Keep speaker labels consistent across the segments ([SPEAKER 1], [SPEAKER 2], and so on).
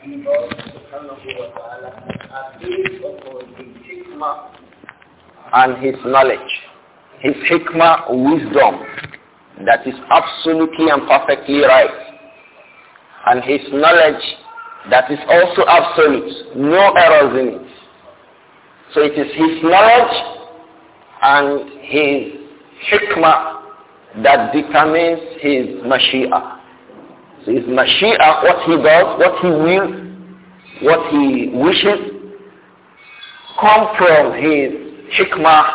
[SPEAKER 1] Allah subhanahu wa ta'ala upon his hikmah
[SPEAKER 2] and his knowledge. His hikmah, wisdom, that is absolutely and perfectly right. And his knowledge that is also absolute, no errors in it. So it is his knowledge and his hikmah that determines his mashia. So it's what he does, what he will, what he wishes, come from his hikmah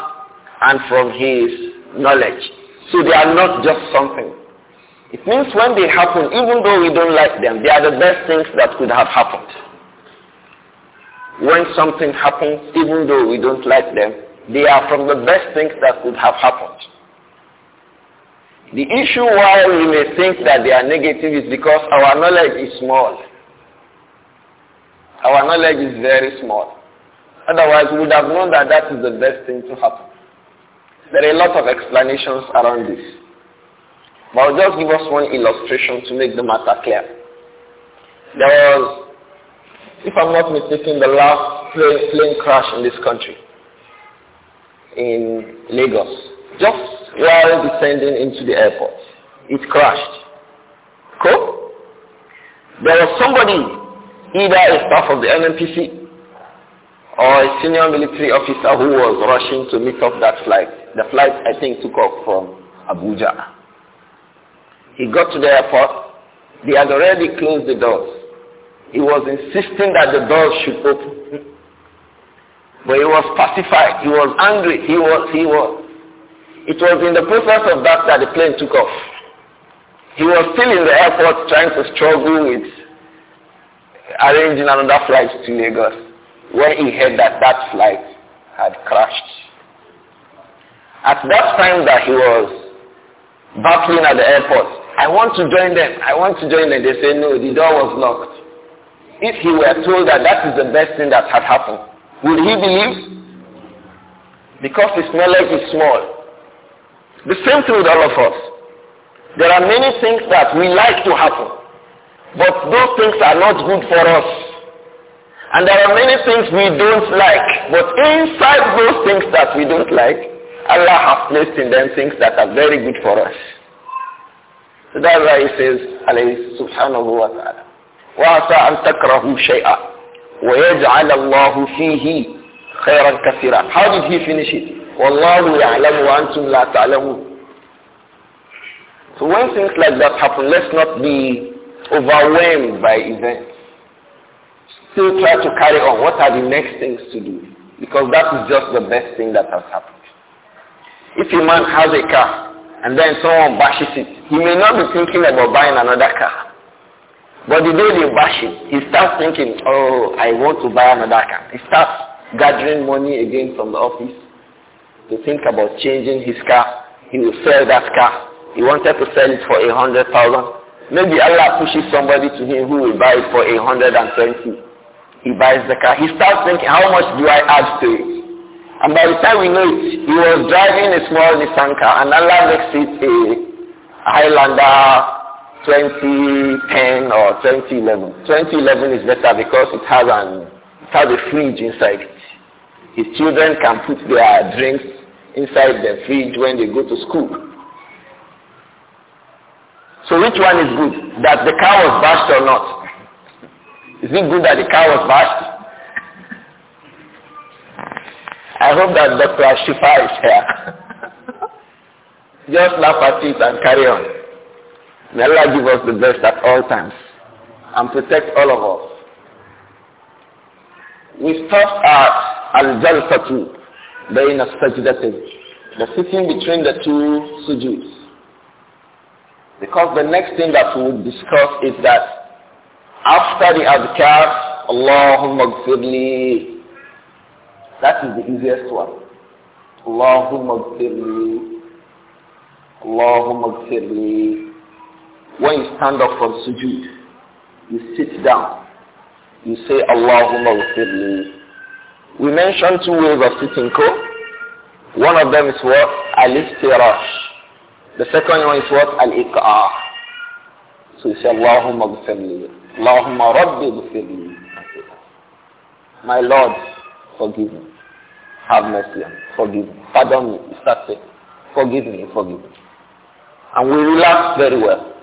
[SPEAKER 2] and from his knowledge. So they are not just something. It means when they happen, even though we don't like them, they are the best things that could have happened. When something happens, even though we don't like them, they are from the best things that could have happened. The issue why we may think that they are negative is because our knowledge is small. Our knowledge is very small. Otherwise, we would have known that that is the best thing to happen. There are a lot of explanations around this. But I'll just give us one illustration to make the matter clear. There was, if I'm not mistaken, the last plane, plane crash in this country, in Lagos. Just while descending into the airport. It crashed. Cool? There was somebody, either a staff of the NNPC or a senior military officer who was rushing to meet up that flight. The flight, I think, took off from Abuja. He got to the airport. They had already closed the doors. He was insisting that the doors should open. But he was pacified. He was angry. He was, he was, it was in the process of that that the plane took off. He was still in the airport trying to struggle with arranging another flight to Lagos when he heard that that flight had crashed. At that time that he was battling at the airport, I want to join them, I want to join them. They say no, the door was locked. If he were told that that is the best thing that had happened, would he believe? Because his knowledge is small. The same thing with all of us. There are many things that we like to happen, but those things are not good for us. And there are many things we don't like, but inside those things that we don't like, Allah has placed in them things that are very good for us. So that's why he says, alayhi subhanahu wa ta'ala, وَعَسَىٰ أَن تَكْرَهُوا شَيْئًا وَيَجْعَلَ اللَّهُ فِيهِ خَيْرًا كَثِيرًا How did he finish it? Wallahu ya'lamu wa antum la ta'lamun. So when things like that happen, let's not be overwhelmed by events. Still try to carry on. What are the next things to do? Because that is just the best thing that has happened. If a man has a car and then someone bashes it, he may not be thinking about buying another car. But the day they bash it, he starts thinking, oh, I want to buy another car. He starts gathering money again from the office to think about changing his car. He will sell that car. He wanted to sell it for a hundred thousand. Maybe Allah pushes somebody to him who will buy it for a hundred and twenty. He buys the car. He starts thinking, how much do I add to it? And by the time we know it, he was driving a small Nissan car and Allah makes it a Highlander 2010 or 2011. 2011 is better because it has an it has a fridge inside. His children can put their drinks inside the fridge when they go to school. So which one is good? That the cow was bashed or not? Is it good that the cow was bashed? I hope that Dr. Ashifa is here. Just laugh at it and carry on. May Allah give us the best at all times and protect all of us. We stopped at Al-Jalfatu بين السجدتين the sitting between the two sujuds because the next thing that we will discuss is that after the adhkar Allahumma gfirli that is the easiest one Allahumma gfirli Allahumma gfirli when you stand up from sujood you sit down you say Allahumma gfirli we mentioned two ways of sitting ko. One of them is what? Al-istirash. The second one is what? Al-iqa'ah. So you say, Allahumma gfirli. Allahumma rabbi gfirli. My Lord, forgive me. Have mercy on me. Forgive me. Pardon me. start forgive me, forgive me.
[SPEAKER 1] And we relax very
[SPEAKER 2] well.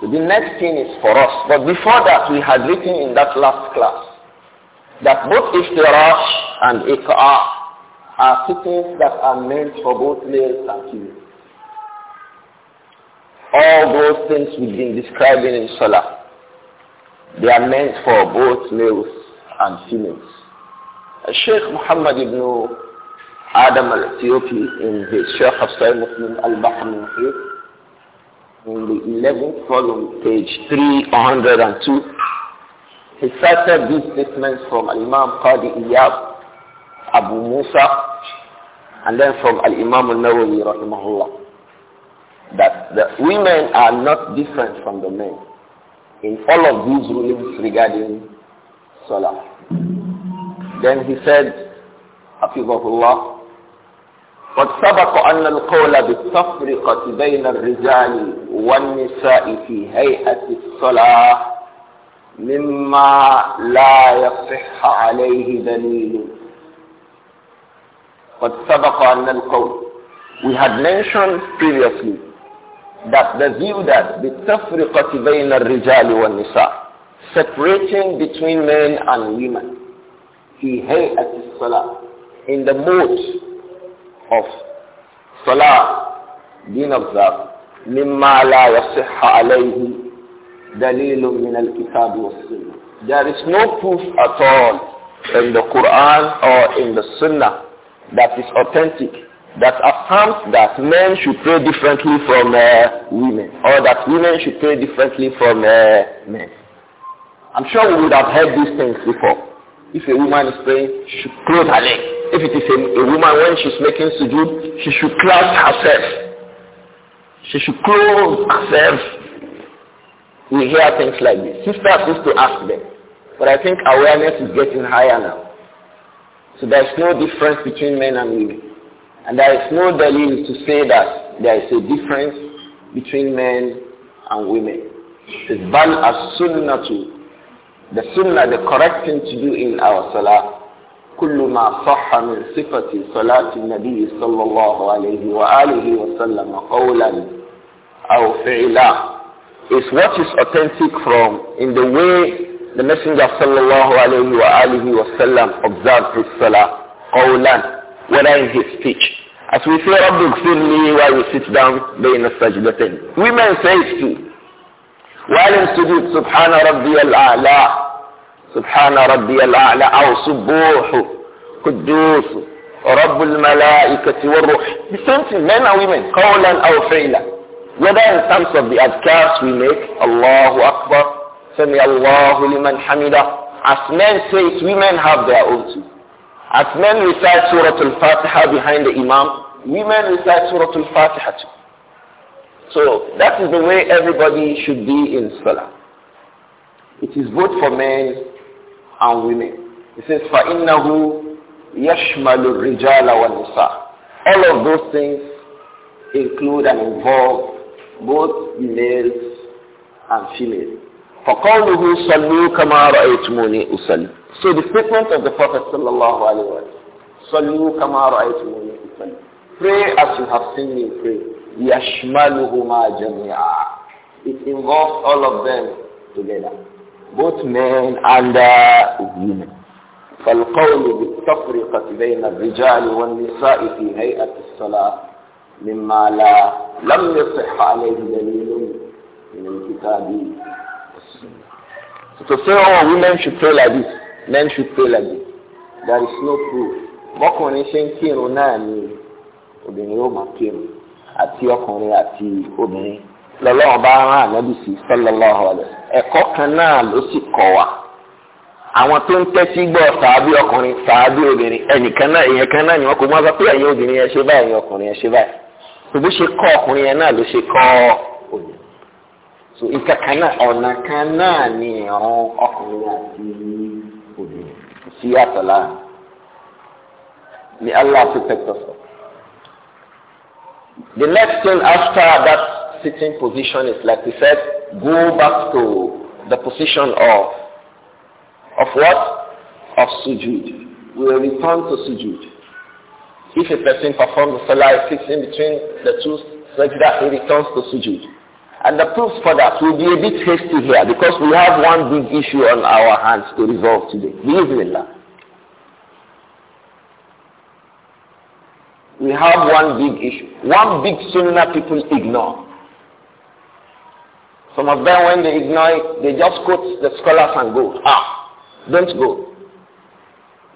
[SPEAKER 2] So the next thing is for us. But before that, we had written in that last class that both iftirash and iqa'ah are sittings that are meant for both males and females. All those things we've been describing in Salah, they are meant for both males and females. Sheikh Muhammad ibn Adam al-Ethiopi in his Sheikh of Sahih Muslim al-Bahr in the 11th volume, page 302, he cited these statements from Al-Imam Qadi Iyab, Abu Musa, and then from Al-Imam Al-Nawawi rahimahullah. That the women are not different from the men in all of these rulings regarding Salah. Then he said, Hafizahullah, قد سبق أن القول بالتفرقة بين الرجال والنساء في هيئة الصلاة مما لا يصح عليه دليل قد سبق أن القول we had mentioned previously that the view that the تفرقة بين الرجال والنساء separating between men and women في هيئة الصلاة in the mode of salah being observed مما لا يصح عليه دليل. دليل من الكتاب والسنة There is no proof at all in the Quran or in the Sunnah that is authentic that affirms that men should pray differently from uh, women or that women should pray differently from uh, men. I'm sure we would have heard these things before. If a woman is praying, she should close her leg. If it is a, a woman when she's making sujood, she should close herself. She should close herself we hear things like this. Sisters used to ask them. But I think awareness is getting higher now. So there is no difference between men and women. And there is no dalil to say that there is a difference between men and women. It's ban as sunnah too. The sunnah, the correct thing to do in our salah, كل ما صح من صفة صلاة النبي صلى الله عليه وآله وسلم قولا أو فعلا is what is authentic from in the way the Messenger sallallahu alayhi wa alihi wa sallam observed his salah, qawlan, whether in his speech. As we say, Rabbi me while we sit down, bayna sajdatin. Women say it too. While in sujood, subhana rabbi al-a'la, subhana rabbi al-a'la, aw subuhu, kuddus, rabbul malaikati wa ruh. The same thing, men and women, qawlan aw fi'la. Whether in terms of the adhkars we make, Allahu Akbar, Sami Allahu liman hamida, as men say it, women have their own too. As men recite Surah Al-Fatiha behind the Imam, women recite Surah Al-Fatiha too. So that is the way everybody should be in Salah. It is both for men and women. It says, فَإِنَّهُ يَشْمَلُ الرِّجَالَ وَالنِّسَاءَ All of those things include and involve both males and females. فَقَوْلُهُ صَلُّوا كَمَا رَأَيْتُمُونِي So the statement of the Prophet sallallahu alaihi wasallam, صَلُّوا كَمَا رَأَيْتُمُونِي Pray as you have seen me pray. يَشْمَلُهُمَا جَمِيعًا It involves all of them together, both men and uh, women. فالقول بالتفرقة بين الرجال والنساء في هيئة الصلاة مما لا لم يصح عليه دليل من الكتاب So say, oh, women should pray like this, men should pray like this, there is no proof. ṣe ń kírun náà ni obìnrin máa kírun àti ọkùnrin àti obìnrin. Lọ́lọ́run bá rán ànábì sí kan náà ló sì kọ̀ wá. Àwọn tó ń tẹ́tí gbọ́ sàábí ọkùnrin sàábí obìnrin ẹnìkan náà kan náà ni wọ́n kò mọ́ sọ pé ẹ̀yin obìnrin ẹ ṣe báyìí ẹ̀yin So bó ṣe kọ́ ọkùnrin yẹn náà ló ṣe kọ́ òní so nǹkan kan náà ọ̀nà kan náà ni ìran ọkùnrin àti òní sí àtàlà ni Allah protect us from. The next thing after that sitting position is like we said, go back to the position of of what? Of sujud. We return to sujud. If a person performs the salah, sits in between the two sajda, he returns to sujud. And the proof for that will be a bit hasty here because we have one big issue on our hands to resolve today. Bismillah. We have one big issue. One big sunnah people ignore. Some of them, when they ignore it, they just quote the scholars and go, ah, don't go.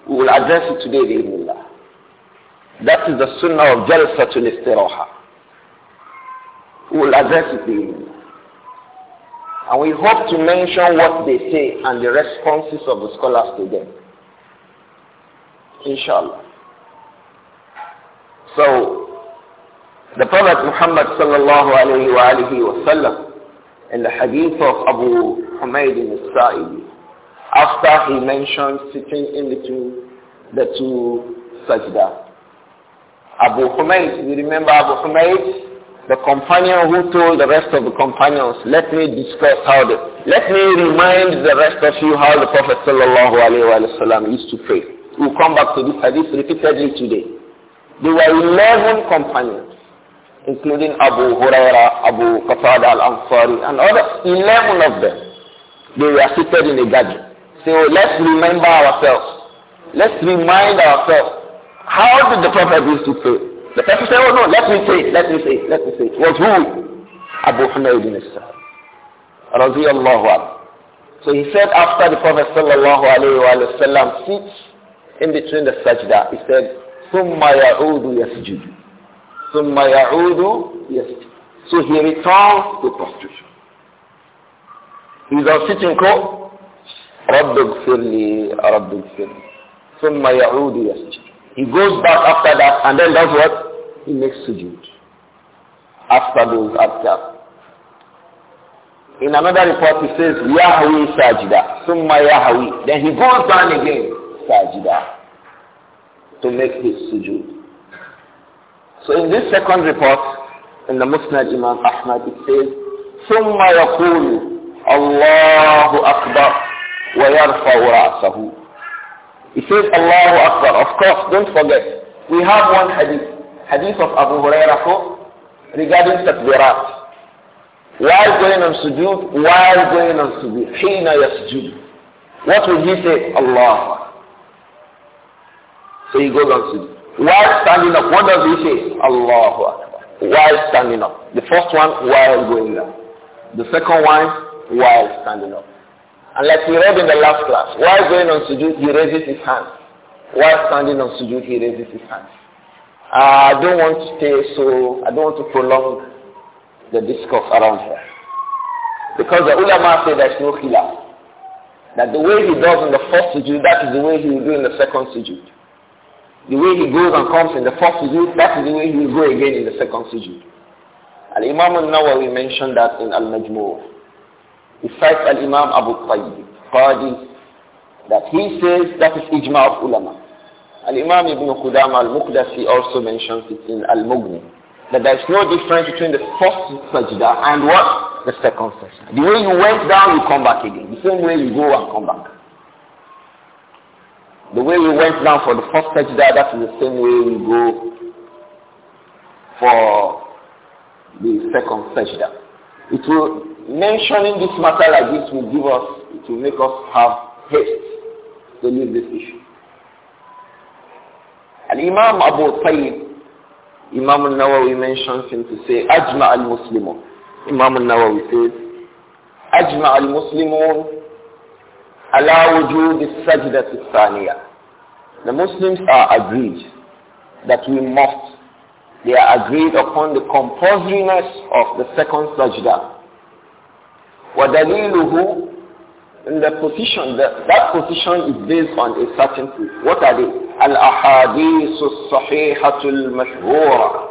[SPEAKER 2] We will address it today, Bismillah. That is the sunnah of Jalsatul Istiraha. We will address it And we hope to mention what they say and the responses of the scholars to them. Inshallah. So, the Prophet Muhammad sallallahu alayhi wa alihi wa sallam in the hadith of Abu Humayd al-Sa'idi, after he mentioned sitting in between the two sajdah, Abu Humayd, you remember Abu Humayd? the companion who told the rest of the companions, let me discuss how the, let me remind the rest of you how the Prophet sallallahu alayhi wa used to pray. We'll come back to this hadith repeatedly today. There were 11 companions, including Abu Huraira, Abu Qatada al-Ansari, and other 11 of them. They were seated in a garden. So let's remember ourselves. Let's remind ourselves how did the Prophet used to pray? The Prophet said, oh no, let me say, let me say, let me say. It Was who? Abu Humayd ibn Radiyallahu So he said after the Prophet sallallahu alayhi wa sallam sits in between the sajda, he said, ثُمَّ يَعُودُ يَسْجُدُ ثُمَّ يَعُودُ يَسْجُدُ So he returns to prostration. He's now sitting close. رب اغفر لي رب اغفر ثم يعود يسجد he goes back after that and then does what? He makes sujood after those after. In another report he says, Yahweh sajida, summa Yahweh. Then he goes down again, sajida, to make his sujood. So in this second report, in the Musnad Imam Ahmad, it says, summa yaqulu, Allahu Akbar, wa yarfa'u ra'sahu. It says Allahu Akbar. Of course, don't forget. We have one hadith. Hadith of Abu Hurairah regarding takbirat. While going on sujood, while going on sujood, hina yasjood. What will he say? Allah. So he goes on sujood. While standing up, what does he say? Allahu Akbar. While standing up. The first one, while going down. The second one, while standing up. And like we read in the last class, while going on sujood, he raises his hand. While standing on sujood, he raises his hand. Uh, I don't want to stay so, I don't want to prolong the discourse around here. Because the ulama say there's no khilaf. That the way he does in the first sujood, that is the way he will do in the second sujood. The way he goes and comes in the first sujood, that is the way he will go again in the second sujood. And Imam al-Nawawi mentioned that in Al-Majmu' He cites Al-Imam Abu Tayyib, Qadi, that he says that is ijma of ulama. Al-Imam Ibn Qudama al-Muqdasi also mentions it in Al-Mughni, that there is no difference between the first sajda and what? The second sajda. The way you went down, you come back again. The same way you go and come back. The way you went down for the first sajda, that is the same way you go for the second sajda. It will mentioning this matter like this will give us, it will make us have haste to leave this issue. And Imam Abu Tayyib, Imam al-Nawawi mentions him to say, Ajma al-Muslimun. Imam al-Nawawi says, Ajma al-Muslimun ala wujud al-sajdat al-thaniya. The Muslims are agreed that we must. They are agreed upon the compulsoriness of the second sajda, وَدَلِيلُهُ in the position, that, that position is based on a certain proof. What are they? Al-ahadith al-sahihatul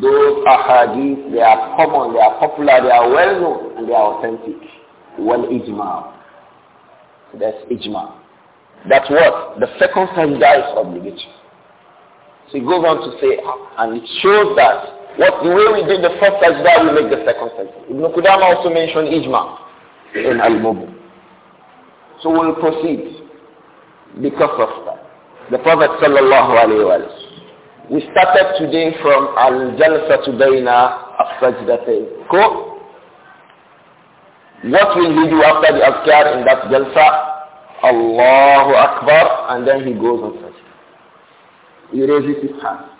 [SPEAKER 2] Those ahadith, they are common, they are popular, they are well known, and they are authentic. Well ijma. That's ijma. That's what? The second stanza is obligatory. So he goes on to say, and it shows that what the way we did the first sajda, we make the second sajda. Ibn Qudama also mentioned ijma in al mubal So we'll proceed because of that. The Prophet sallallahu alayhi wa We started today from al to bayna as-sajdatayn. Cool? What will he do after the azkar in that jalsa? Allahu Akbar and then he goes on sajda. He raises his hand.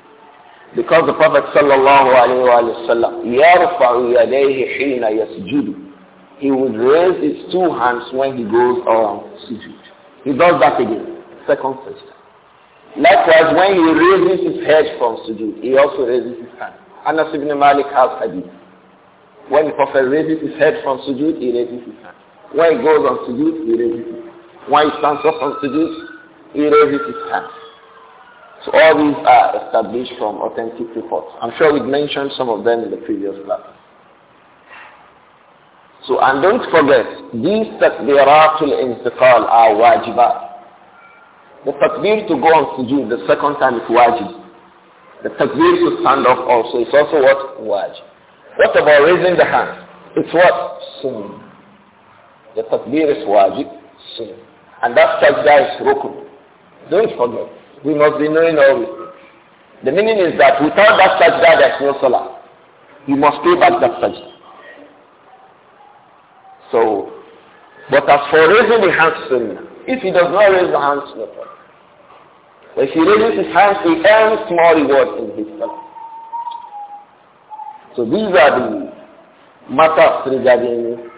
[SPEAKER 2] Because the Prophet sallallahu alayhi wa sallam, He would raise his two hands when he goes on sujood. He does that again, second first Likewise, when he raises his head from sujood, he also raises his hand. Anas ibn Malik has hadith. When the Prophet raises his head from sujood, he raises his hand. When he goes on sujood, he raises his hand. When he stands up on sujood, he raises his hand. So all these are established from authentic reports. I'm sure we have mentioned some of them in the previous class. So, and don't forget, these takbiratul intiqal are wajibat. The takbir to go on sujood the second time is wajib. The takbir to stand up also is also what? Wajib.
[SPEAKER 1] What about raising
[SPEAKER 2] the hand? It's what? Sunnah. The takbir is wajib, sunnah. And that sajda is rukun. Don't forget. We must be knowing all The meaning is that without that sajda, there's no salah. You must pay back that sajda. So, but as for raising the hands, if he does not raise the hands, no If he raises his hands, he earns small reward in his salah. So these are the matters regarding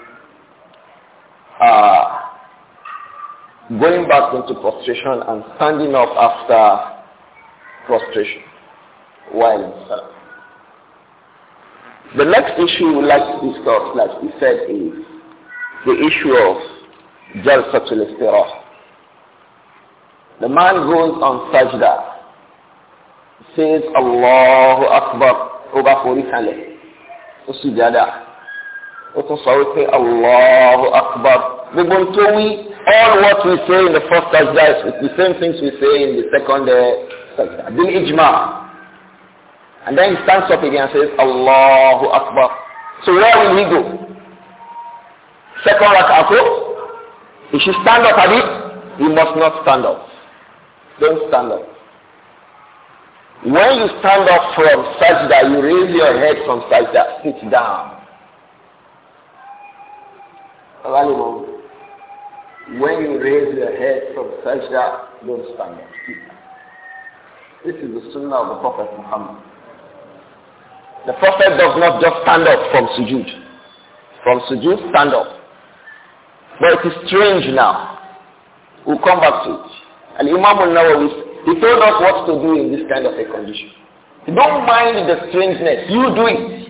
[SPEAKER 2] uh, going back into prostration and standing up after prostration while in The next issue we'd like to discuss, like we said, is the issue of Jalsatul Istirah. The man goes on sajda, says Allahu Akbar, ó bá forí kalẹ̀, ó sì ó Allahu Akbar, gbogbo tó all what we say in the first sajda with the same things we say in the second uh, sajda bil ijma and then he stands up again and says allahu akbar so where will he go second rak'ah If he should stand up abi he must not stand up don't stand up when you stand up from sajda you raise your head from sajda sit down when you raise your head from sajda, don't stand up. This is the sunnah of the Prophet Muhammad. The Prophet does not just stand up from sujood, From sujood stand up. But it is strange now. We'll come back to it. And Imam al-Nawawi, he told us what to do in this kind of a condition. Don't mind the strangeness. You do it.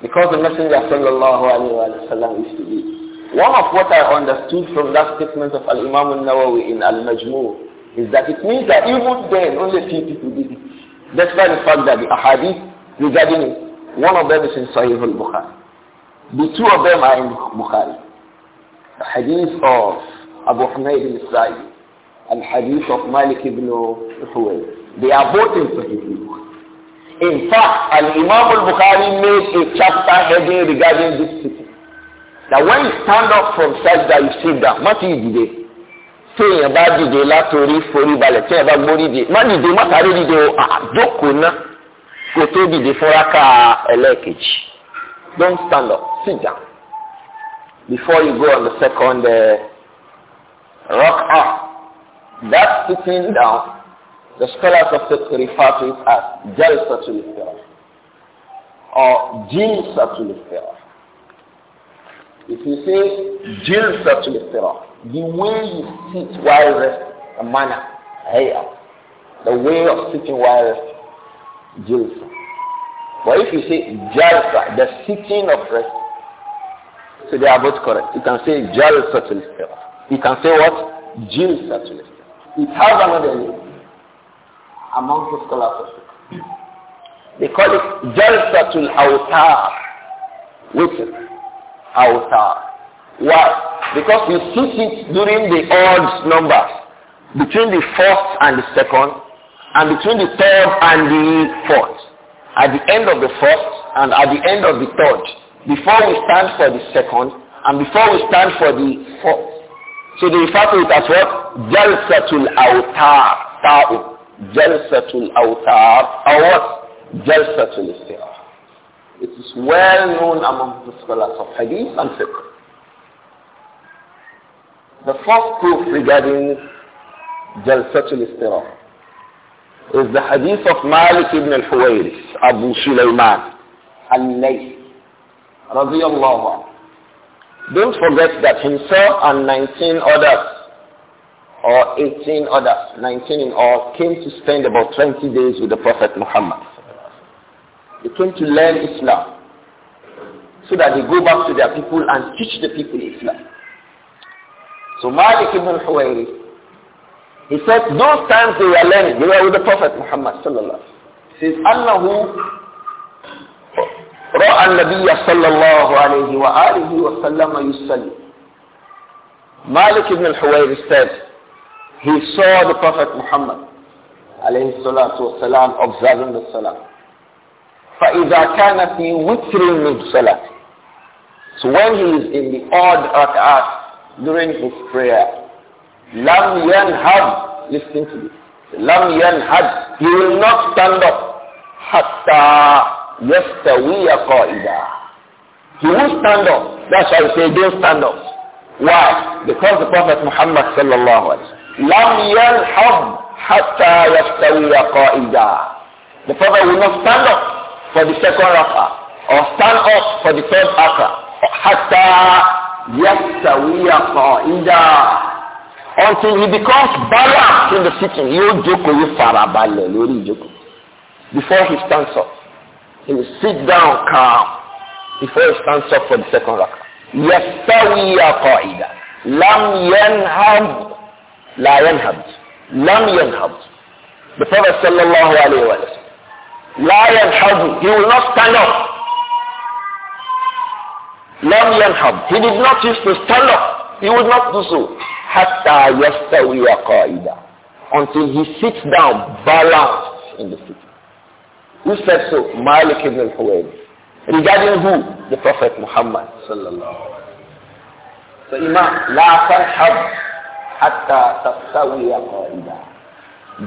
[SPEAKER 2] Because the Messenger sallallahu alayhi wa sallam used to be one of what I understood from that statement of Al-Imam al-Nawawi in Al-Majmu' is that it means that even then only few people did it. That's why the fact that the ahadith regarding it, one of them is in Sahih al-Bukhari. The two of them are in Bukhari. The hadith of Abu Hamid al-Sa'id and hadith of Malik ibn Huwayl. They are both in Sahih al-Bukhari. In fact, Al-Imam al-Bukhari made a chapter heading regarding this that when you stand up from sajda you sit down má ti dìde téèyàn bá dìde látòrí forí balẹ̀ téèyàn bá gbórí dìde má dìde má tàrí dìde o àjókòó ah, ná kò tó dìde fúnra ká ẹlẹ́ẹ̀kejì don't stand up sit down before you go on the second uh, rock up that sitting down the scholars of faith refer to it as jalsatul istiraha or jinsatul istiraha If you say jilsatul istirah, the way you sit while rest the manner, here, the way of sitting while rest jilsa. But if you say jalsa, the sitting of rest, so they are both correct. You can say jalsa istirah. You can say what? Jilsatul istirah. It has another name among the scholars of They call it jalsatul awtar, which is awtar. Why? Because we see it during the odd numbers, between the first and the second, and between the third and the fourth. At the end of the first and at the end of the third, before we stand for the second and before we stand for the fourth. So they refer to it as what? Jalsatul Ta'u. Jalsatul awtar. Or what? Jalsatul it is well known among the scholars of hadith and fiqh. The first proof regarding Jalsatul Istirah is the hadith of Malik ibn al-Huwairis, Abu Sulaiman, al-Layth, radiyallahu Don't forget that himself and 19 others or 18 others, 19 in all, came to spend about 20 days with the Prophet Muhammad. They came to learn Islam so that they go back to their people and teach the people Islam. So Malik ibn Huwairi, he said those times they were learning, they were with the Prophet Muhammad sallallahu He says, أنه رأى النبي صلى الله عليه وآله وسلم يصلي. Malik ibn al-Huwairi said, he saw the Prophet Muhammad alayhi salatu wasalam observing the salah. فَإِذَا كَانَ فِي وِتْرٍ مِنْ صَلَاتِ So when he is in the odd rak'at during his prayer, لَمْ يَنْهَدْ Listen to this.
[SPEAKER 1] لَمْ يَنْهَدْ
[SPEAKER 2] He will not stand up حَتَّى يَسْتَوِيَ قَائِدًا He will stand up. That's why I say don't stand up. Why? Because the Prophet Muhammad sallallahu alaihi wasallam لَمْ يَنْهَدْ حَتَّى يَسْتَوِيَ قَائِدًا The Prophet will not stand up for the second raka', or stand up for the third rak'ah hatta yastawiya qa'ida until he becomes balanced in the sitting yóò do yóò farabalẹ̀ lórí ìjókòó before he stands up he will sit down calm before he stands up for the second rak'ah yastawiya qa'ida lam yanhab la yanhab lam yanhab the prophet sallallahu alayhi wa sallam لا hub. he will not stand up لم hub. he did not used to stand up he would not do so Hatta يستوي قائدا until he sits down balanced in the sitting. who said so Malik ibn al regarding who the Prophet Muhammad sallallahu so Imam لا تنحب حتى تستوي قائدا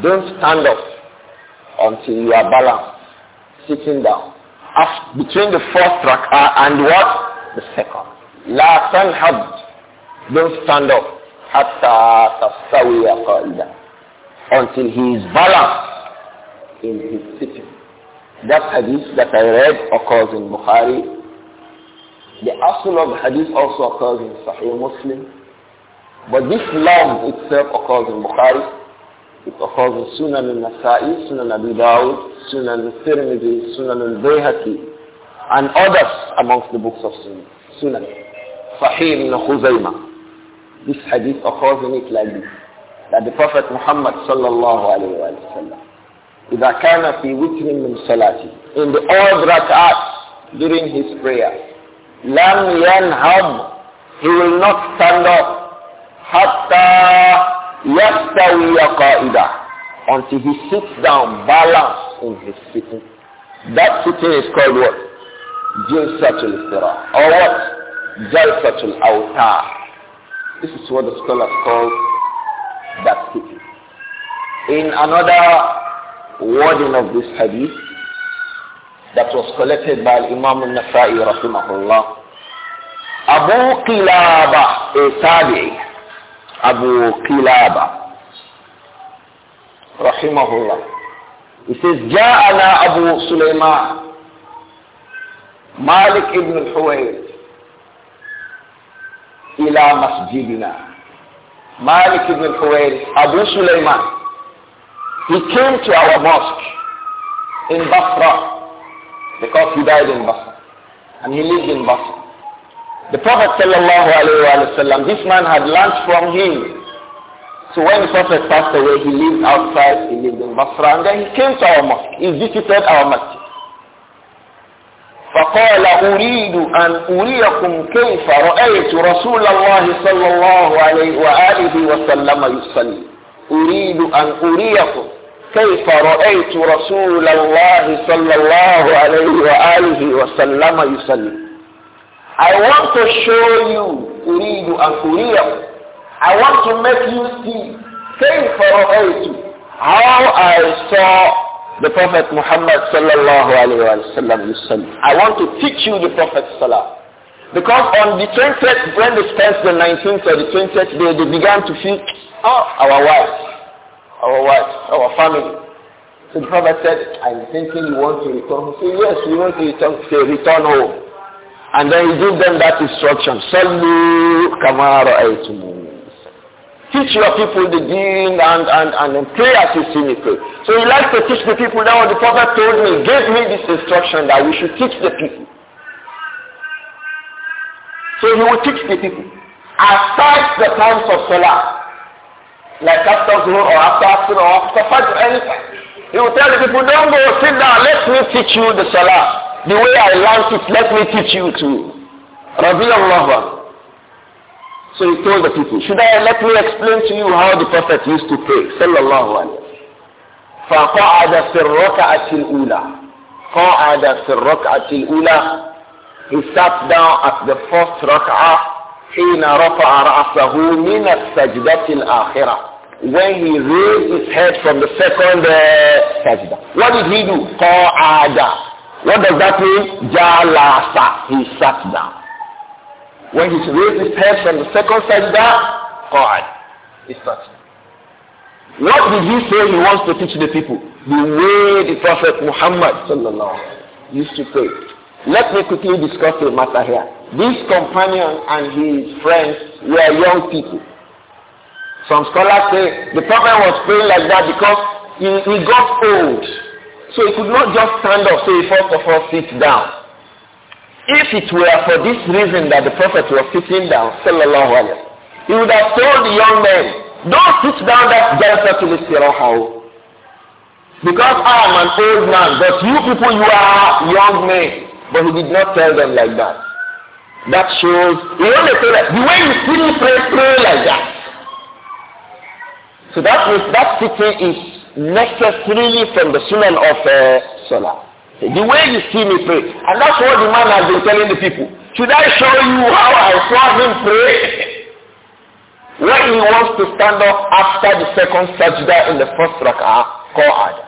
[SPEAKER 2] don't stand up until you are balanced sitting down. As between the fourth rak'ah and what? The second. La tanhab. Don't stand up. Hatta tastawiya qa'idah. Until he is balanced in his sitting. That hadith that I read occurs in Bukhari. The asul of the hadith also occurs in Sahih Muslim. But this love itself occurs in Bukhari. It occurs in Sunan al-Nasa'i, Sunan Abu Dawud, Sunan al-Tirmidhi, Sunan al-Bayhaqi, and others amongst the books of Sunan. Sunan. Sahih ibn Khuzaymah. This hadith occurs in it like this. That the Prophet Muhammad sallallahu alayhi wa sallam, إذا كان في وتر من صلاته, in the odd rak'at during his prayer, لم ينهض, he will not stand up hatta yastawiya qa'ida until he sits down balanced in his sitting. That sitting is called what? Jilsatul Sira. Or what? al Awtar. This is what the scholars call that city. In another wording of this hadith that was collected by Imam al-Nasai rahimahullah, Abu Qilaba, a tabi, Abu Qilaba, rahimahullah, he says, Ja'ana Abu Sulaiman, Malik ibn al-Huwayd, ila masjidina. Malik ibn al-Huwayd, Abu Sulaiman, he came to our mosque in Basra because he died in Basra and he lived in Basra. The Prophet sallallahu alayhi wa sallam, this man had learnt from him so when the Prophet passed away, he lived outside, he lived in Basra, and then he came to our mosque. He visited our mosque. فقال أريد أن أريكم كيف رأيت رسول الله صلى الله عليه وآله وسلم يصلي أريد أن أريكم كيف رأيت رسول الله صلى الله عليه وآله وسلم يصلي I want to show you أريد أن أريكم I want to make you see of you, how I saw the Prophet Muhammad sallallahu alayhi wa sallam I want to teach you the Prophet salah. Because on the 20th, when they spent the 19th or the 20th day, they began to feel, oh, our wives, our wives, our family. So the Prophet said, I'm thinking you want to return. He said, yes, we want to return. He said, return home. And then he gave them that instruction. Sallu kamara aytumu. Teach your people the deen and, and, and pray as you see me pray. So he likes to teach the people. That what the Prophet told me, gave me this instruction that we should teach the people. So he will teach the people. Aside the times of Salah, like after Zuhur or after Asr or after Fajr, anything. He will tell the people, don't go, sit down, let me teach you the Salah. The way I learned it, let me teach you too. Rabbi Allah. So he told the people, should I let me explain to you how the Prophet used to pray, sallallahu alayhi فَقَعَدَ فِي الرَّكَعَةِ الْأُولَى قَعَدَ فِي الرَّكَعَةِ الْأُولَى He sat down at the first rak'ah حين رفع رأسه من السجدة الآخرة when he raised his head from the second uh, sajda. What did he do? Qa'ada. What does that mean? Jalasa. He sat down. When he raised his head from the second sajda, God, he started. What did he say he wants to teach the people? The way the Prophet Muhammad used to pray. Let me quickly discuss the matter here. This companion and his friends were young people. Some scholars say the Prophet was praying like that because he, he got old. So he could not just stand up, so he first of all sits down. If it were for this reason that the Prophet was sitting down, sallallahu alayhi he would have told the young men, don't sit down that Jalsa to Mr. Because I am an old man, but you people, you are young men. But he did not tell them like that. That shows, he only said that the way you still pray, pray like that. So that means that sitting is necessarily from the sunnah of uh, Salah. The way you see me pray. And that's what the man has been telling the people. Should I show you how I saw him pray? when he wants to stand up after the second sajda in the first rak'ah, qa'ad.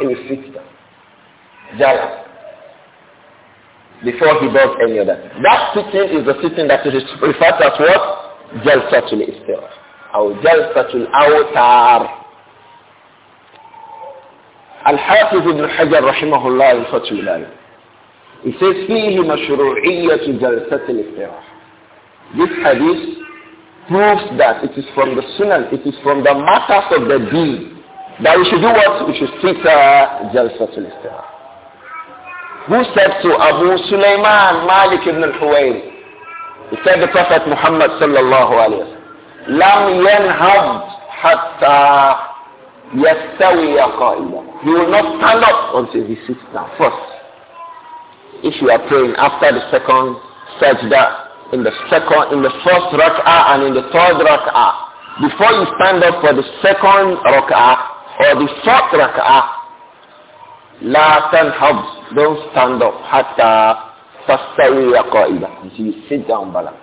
[SPEAKER 2] He will sit down. Jala. Before he does any other. That sitting is the sitting that is referred to as what? Jalsatul istirah. Or Jalsatul awtar. Al-Hafiz ibn Hajar rahimahullah al-Fatul He says, فيه مشروعية جلسة الاستراحة. This hadith proves that it is from the sunnah, it is from the matters of the deen that we should do what? We should sit uh, جلسة الاستراحة. Who said to Abu Sulaiman Malik ibn al-Huwayri? He said the Prophet Muhammad sallallahu alayhi wa sallam, لم ينهض حتى يَسْتَوِيَ قَائِمًا You will not stand up until he sits down first. If you are praying after the second sajda, in the second, in the first rak'ah and in the third rak'ah, before you stand up for the second rak'ah or the fourth rak'ah, لا تنهض don't stand up حتى تستوي قائدا until you sit down bala.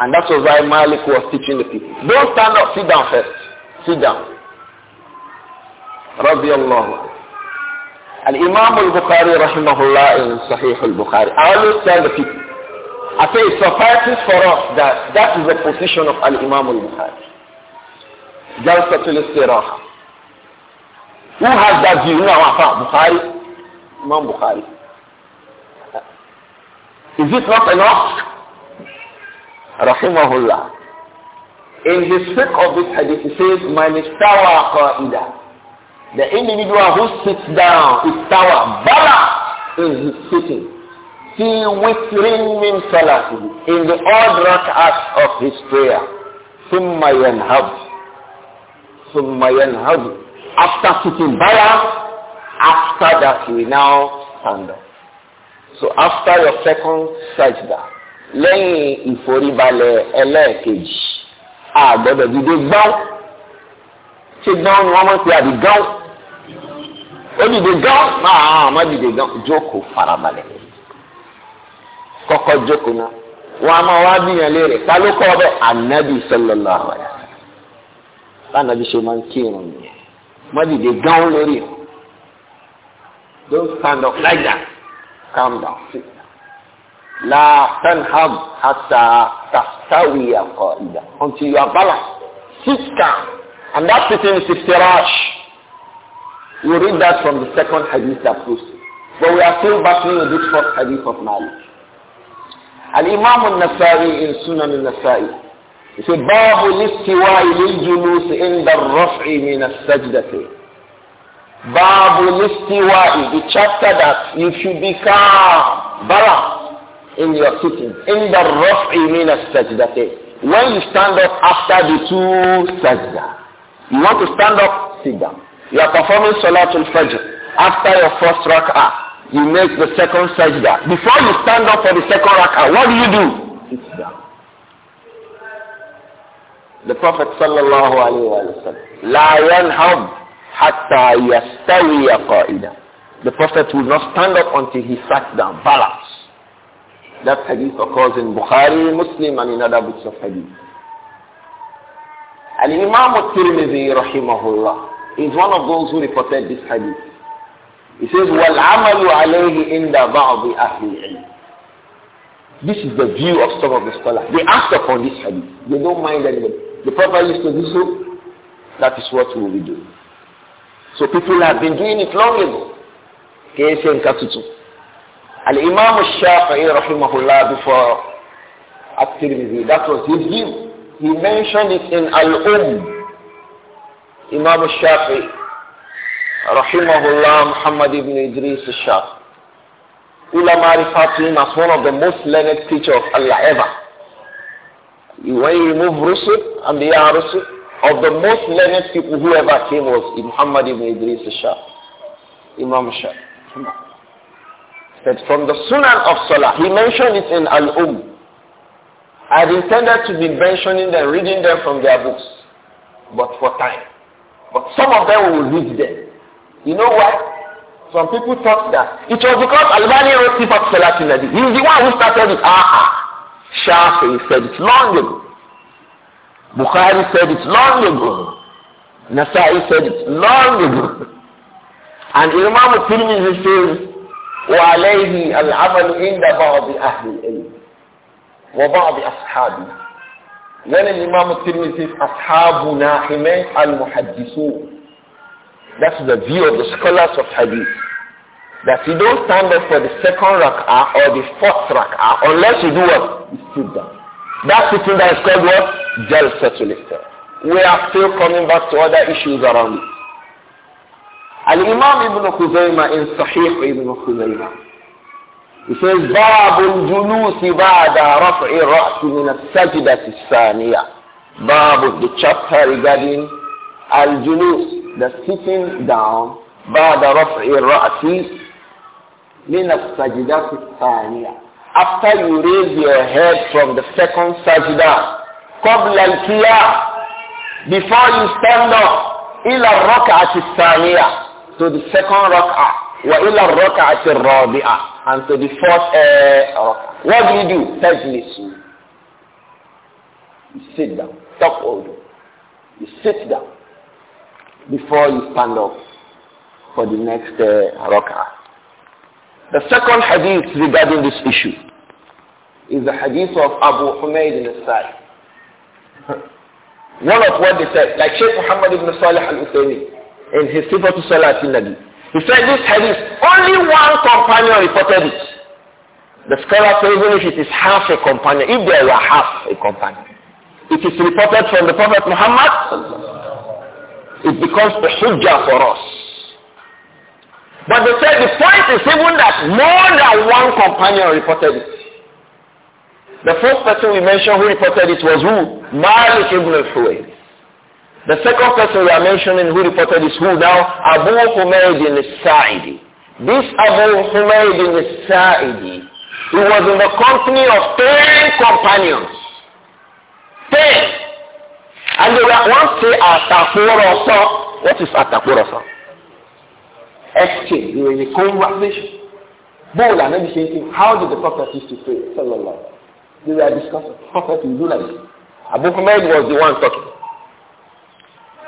[SPEAKER 2] and that was why Malik was teaching the people don't stand up sit down first sit down رضي الله عنه الإمام البخاري رحمه الله in Sahih al-Bukhari I always tell the people I say it suffices for us that that is the position of Al-Imam al-Bukhari جلسة الاستراحة Who has that view now Afa Bukhari Imam Bukhari Is it not enough? Rahimahullah In his fiqh of this hadith he says Man istawa qa'idah The individual who sits down is tower. Bala in his sitting. Fi witrin min salatihi. In the odd act of his prayer. Summa yanhab. Summa yanhab. After sitting bala, after that we now stand up. So after your second sajda, lẹ́yìn ìforíbalẹ̀ ẹlẹ́ẹ̀kejì, àgbọ̀dọ̀ dìde gbọ́n. Ṣé gbọ́n ni wọ́n mọ̀ sí àdìgán? ó dìde gan máa má dìde gan jókòó farabalẹ̀ kọ́kọ́ jókòó náà wọn a máa wá bíyàn léèrè ta ló kọ́ anabi sallallahu alaihi wasallam lánàbí ṣe máa ń kírun nìyẹn má dìde gan lórí o don't stand up like that calm down sit down la tanhab hatta tastawiya qaida until you are balanced sit down and that sitting is iftirash. we read that from the second hadith that proves it. But we are still battling with this first hadith of knowledge. Al-Imam al-Nasari in Sunan al-Nasai. He said, باب الاستواء للجلوس عند الرفع من السجدة. باب الاستواء, the chapter that you should be calm, in your sitting. عند الرفع من السجدة. When you stand up after the two sajda, you want to stand up, sit down. You are performing Salatul Fajr. After your first rak'ah, you make the second sajda. Before you stand up for the second rak'ah, what do you do? The Prophet sallallahu alayhi wa sallam, لا ينهض حتى يستوي قائدا. The Prophet will not stand up until he sat down, Balance. That hadith occurs in Bukhari, Muslim, and in other books of hadith. Al-Imam al-Tirmidhi rahimahullah is one of those who reported this hadith. He says, وَالْعَمَلُ عَلَيْهِ إِنْدَ بَعْضِ أَهْلِ الْعِلْمِ This is the view of some of the scholars. They act upon this hadith. They don't mind anybody. The Prophet used to do so. That is what we will do. So people have been doing it long ago. And Katutu. Al-Imam al-Shafi'i rahimahullah before at That was his view. He mentioned it in Al-Umm Imam Shafi, Rahimahullah Muhammad ibn Idris Shafi. Ulama refer to him as one of the most learned teachers of Allah ever. When you move Rusul and the Rusul, of the most learned people who ever came was Muhammad ibn Idris Shafi, Imam Shafi. That from the Sunan of Salah, he mentioned it in Al-Umm. I had intended to be mentioning them, reading them from their books, but for time. But some of them will read them. You know why? Some people thought that it was because Albani wrote Sifat Salatin Nabi. He was the one who started it. Ah, ah, Shafi said it long ago. Bukhari said it long ago. Nasai said it long ago. And Imam Tirmidhi says, وعليه العمل عند بعض أهل العلم وبعض أصحابه when Imam al-Tirmidhi says, Ashabuna, al-muhaddisun. That's the view of the scholars of hadith. That you don't stand up for the second rak'ah or the fourth rak'ah unless you do what? You sit down. That sitting down is called what? Jalsatul We are still coming back to other issues around it. Al-Imam Ibn Khuzaymah in Sahih Ibn Khuzaymah he says, باب الجلوس بعد رفع الرأس من السجدة الثانية. باب the chapter regarding julus the sitting down, بعد رفع الرأس من السجدة الثانية. After you raise your head from the second sajda, قبل القيام, before you stand up, إلى الركعة الثانية, to the second rak'ah. وإلى الركعة الرابعة and to the fourth uh, uh what do you do تجلس you sit down over. you sit down before you stand up for the next uh, rak'ah the second hadith regarding this issue is the hadith of Abu Humayd al-Sari one of what they said like Sheikh Muhammad ibn Salih al-Uthaymeen in his Sifatul Salat al-Nabi he said this hadith, only one companion reported it. The scholar says even if it is half a companion, if there were half a companion, it is reported from the Prophet Muhammad, it becomes a hujjah for us. But they said the point is even that more than one companion reported it. The first person we mentioned who reported it was who? Malik ibn al-Huwayd. The second person we are mentioning who reported is who now? Abu Humayd in Sa'idi. This Abu Humayd in Sa'idi, he was in the company of ten companions. Ten! And they were once say Atakurasa. What is Atakurasa? Exchange. They were in a conversation. Bola, let me say anything. How did the Prophet used to pray? Sallallahu. They were discussing. Prophet will do like this. Abu Humayd was the one talking.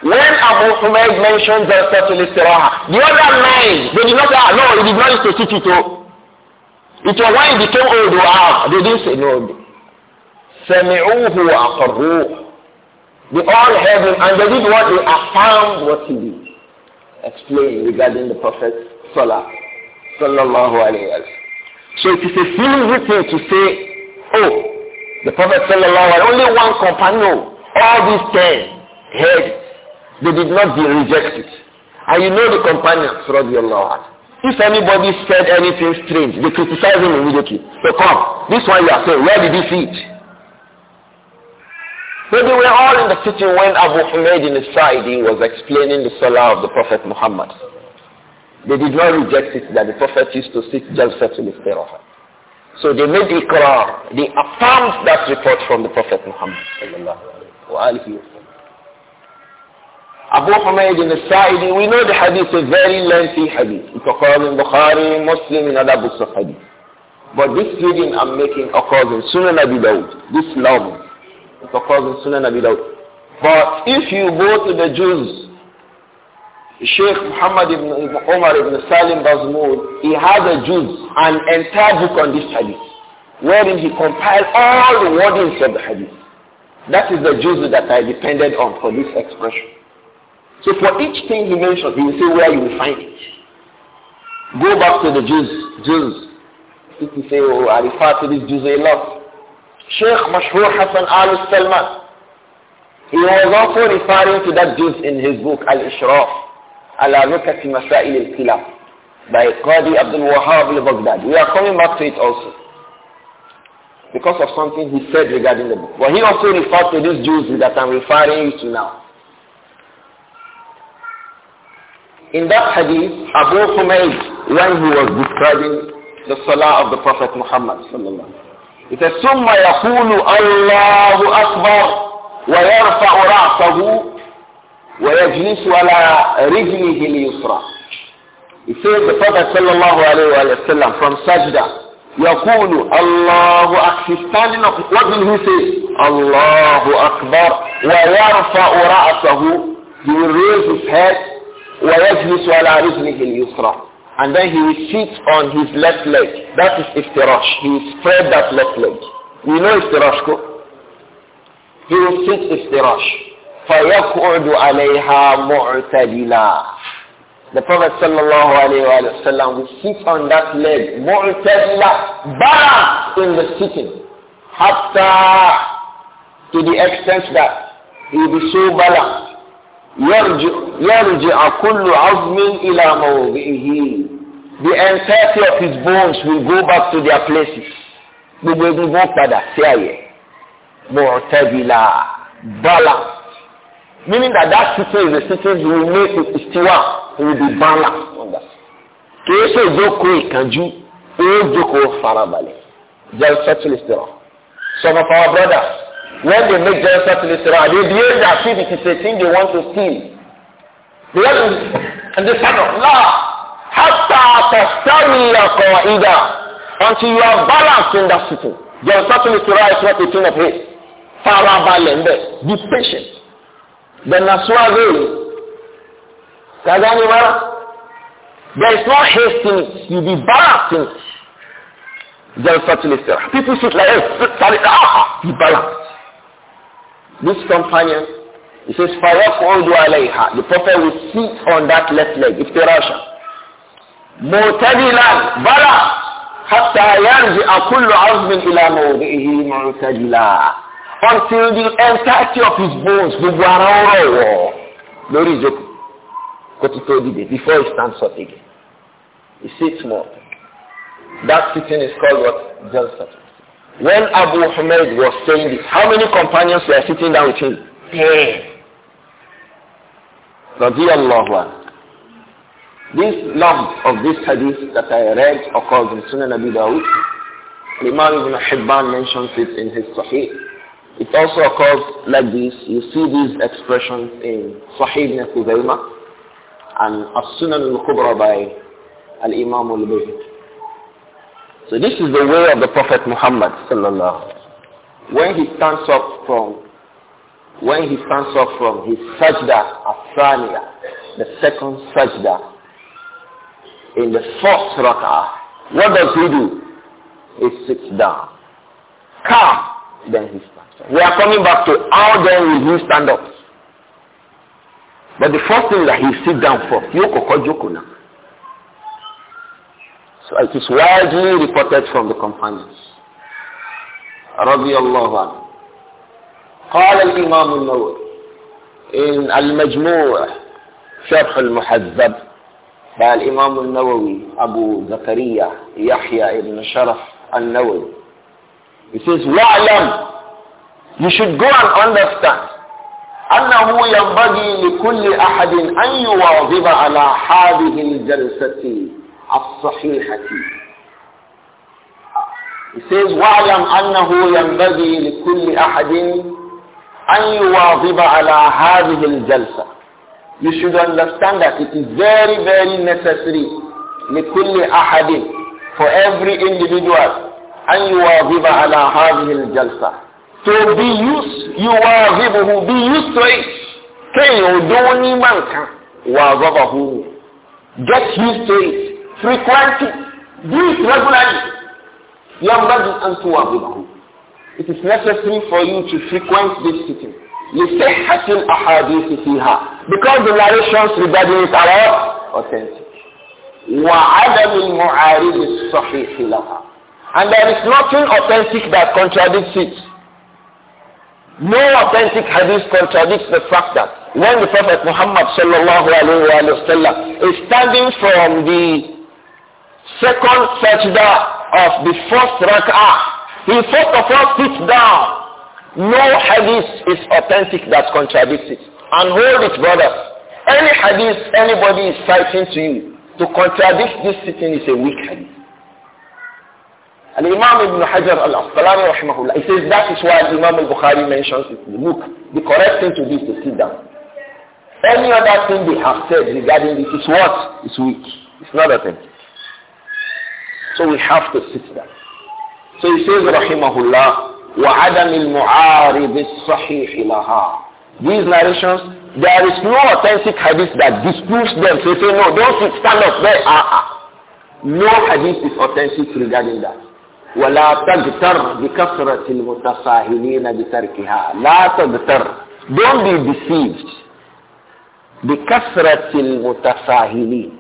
[SPEAKER 2] When Abu Humayd mentioned Jalsatul Istiraha, the other men, they did not say, ah, no, he did not used to teach it. It was when he became old, wow. They didn't say, no. سَمِعُوهُ وَأَقَرُّوهُ They all heard him and they did what? They affirmed what he did. Explain regarding the Prophet Salah. Sallallahu alayhi wa So it is a silly thing to say, oh, the Prophet Sallallahu alayhi only one companion, all these ten heard they did not be rejected, And you know the companions, radiallahu anhu. If anybody said anything strange, they criticized him immediately. So come, this one you are saying, where did he see it? So they were all in the city when Abu Humayd in Sa'idi was explaining the Salah of the Prophet Muhammad. They did not reject it that the Prophet used to sit just the Istirafah. So they made Quran, They affirmed that report from the Prophet Muhammad. Abu Humayd in the Sa'idi, we know the hadith, a very lengthy hadith. It occurs in Bukhari, Muslim, and other books of hadith. But this reading I'm making occurs in Sunan Abi Dawud, this long. It occurs in Sunan Abi Dawud. But if you go to the Jews, Sheikh Muhammad ibn, ibn Umar ibn Salim Bazmoud, he has a Jews, an entire book on this hadith, wherein he compiled all the wordings of the hadith. That is the Jews that I depended on for this expression. So for each thing he mentions, he will say where you will find it. Go back to the Jews. Jews. People say, oh, I refer to these Jews a lot. Sheikh Mashhur Hassan al-Salman. He was also referring to that Jews in his book, Al-Ishraf, Al Rukati Masail al-Khilaf, by Qadi Abdul Wahab al-Baghdad. We are coming back to it also because of something he said regarding the book. Well, he also referred to these Jews that I'm referring you to now. In that hadith, Abu Humayd, when he was describing the salah of the Prophet Muhammad he says, ثم يقول الله أكبر ويرفع رأسه ويجلس على رجله اليسرى He says the Prophet sallallahu alayhi wa sallam from sajda, يقول الله أكبر standing up what did he say الله أكبر ويرفع رأسه he will his head وَيَجْلِسُ عَلَىٰ رِجْلِهِ الْيُسْرَى And then he will sit on his left leg. That is iftirash. He will spread that left leg. You know iftirash, ko? He will sit iftirash. فَيَقْعُدُ عَلَيْهَا مُعْتَدِلًا The Prophet sallallahu alayhi wa sallam will sit on that leg, mu'tadila,
[SPEAKER 1] Back
[SPEAKER 2] in the sitting. Hatta, to the extent that he will be so balanced يرجع كل عظم إلى موضعه The entirety of his bones will go back to their places. Gbogbo egun bọ́ padà sí àyẹ̀. Mọ̀tẹ́bìlà balance. Meaning that that city is the city you will make with istiwa will be balanced on that. Kìí ṣe ìjókòó ìkánjú, ó jókòó farabalẹ̀. Jẹ́ sọ́tún ìsirọ̀. Some of our brothers When they make Jalsa to the Sirah, they behave as if it is a thing they want to steal. They want to, and they say, La! Hatta tastawiya qaida. Until you are balanced in that sitting. Jalsa to the Sirah is not a thing of hate. Farabalẹ̀ ń bẹ̀. patient. Then Naswazi. Kagani Mara. There is no haste in it. You be balanced in it. Jalsa to the Sirah. People sit like, ah, be balanced. This companion, he says, فَيَقْعُدُ عَلَيْهَا The Prophet will sit on that left leg, iftirasha. مُعْتَدِلًا بَلَى حَتَّى يَرْجِعَ كُلُّ عَظْمٍ إِلَى مَوْضِعِهِ مُعْتَدِلًا Until the entirety of his bones, gbogbo ara ọrọ̀ wọ̀ lórí ìjókòó, kó to tó dìde before he stands up again. He sits more. That sitting is called what? Jalsat. When Abu Humayd was saying this, how many companions were sitting down with him? Ten. This love of this hadith that I read occurs in Sunan Abi Dawud. Imam Ibn Hibban mentions it in his Sahih. It also occurs like this. You see these expressions in Sahih Ibn and As-Sunan al-Kubra by Al-Imam al-Bayhaqi. So this is the way of the Prophet Muhammad sallallahu When he stands up from when he stands up from his sajda asaniya, the second sajda, in the fourth rak'ah, what does he do? He sits down. Calm, then he stands up. We are coming back to how then will he stand up? But the first thing that he sits down for, yoko kojoko now it is widely reported from the companions. رضي الله عنه قال الإمام النووي إن المجموع شرح المحذب قال الإمام النووي أبو زكريا يحيى بن شرف النووي He says واعلم You should go and understand أنه ينبغي لكل أحد أن يواظب على هذه الجلسة الصحيحة He says وَعْلَمْ أَنَّهُ يَنْبَغِي لِكُلِّ أَحَدٍ أَنْ يُوَاظِبَ عَلَى هَذِهِ الْجَلْسَةِ You should understand that it is very very necessary لِكُلِّ أَحَدٍ for every individual أَنْ يُوَاظِبَ عَلَى هَذِهِ الْجَلْسَةِ To be used, you يُوَاظِبُهُ, be used to it. كَيْ يُدُونِ مَنْكَ وَاظَبَهُ Get used to it. frequency. Do it regularly. ينبغي أن تواظبه. It is necessary for you to frequent this sitting. لصحة الأحاديث فيها. Because the narrations regarding it are all authentic. وعدم المعارض الصحيح لها. And there is nothing authentic that contradicts it. No authentic hadith contradicts the fact that when the Prophet Muhammad sallallahu alayhi wa sallam is standing from the second sajda of the first rak'ah. He first of all sits down. No hadith is authentic that contradicts it. And hold it, brothers. Any hadith anybody is citing to you to contradict this sitting is a weak hadith. And imam Ibn Hajar al-Asqalani rahimahullah, he says that is why Imam al-Bukhari mentions it in the book. The correct thing to do is to sit down. Any other thing they have said regarding this is what? It's weak. It's not authentic. So we have to sit down. So he says, Rahimahullah, وَعَدَمِ الْمُعَارِضِ الصَّحِيحِ لَهَا These narrations, there is no authentic hadith that disproves them. So say, no, don't sit, stand up there. Ah, ah. No hadith is authentic regarding that.
[SPEAKER 1] وَلَا بكفرة
[SPEAKER 2] بِكَثْرَةِ الْمُتَسَاهِلِينَ بِتَرْكِهَا لَا تَغْتَرْ Don't be deceived. بكفرة الْمُتَسَاهِلِينَ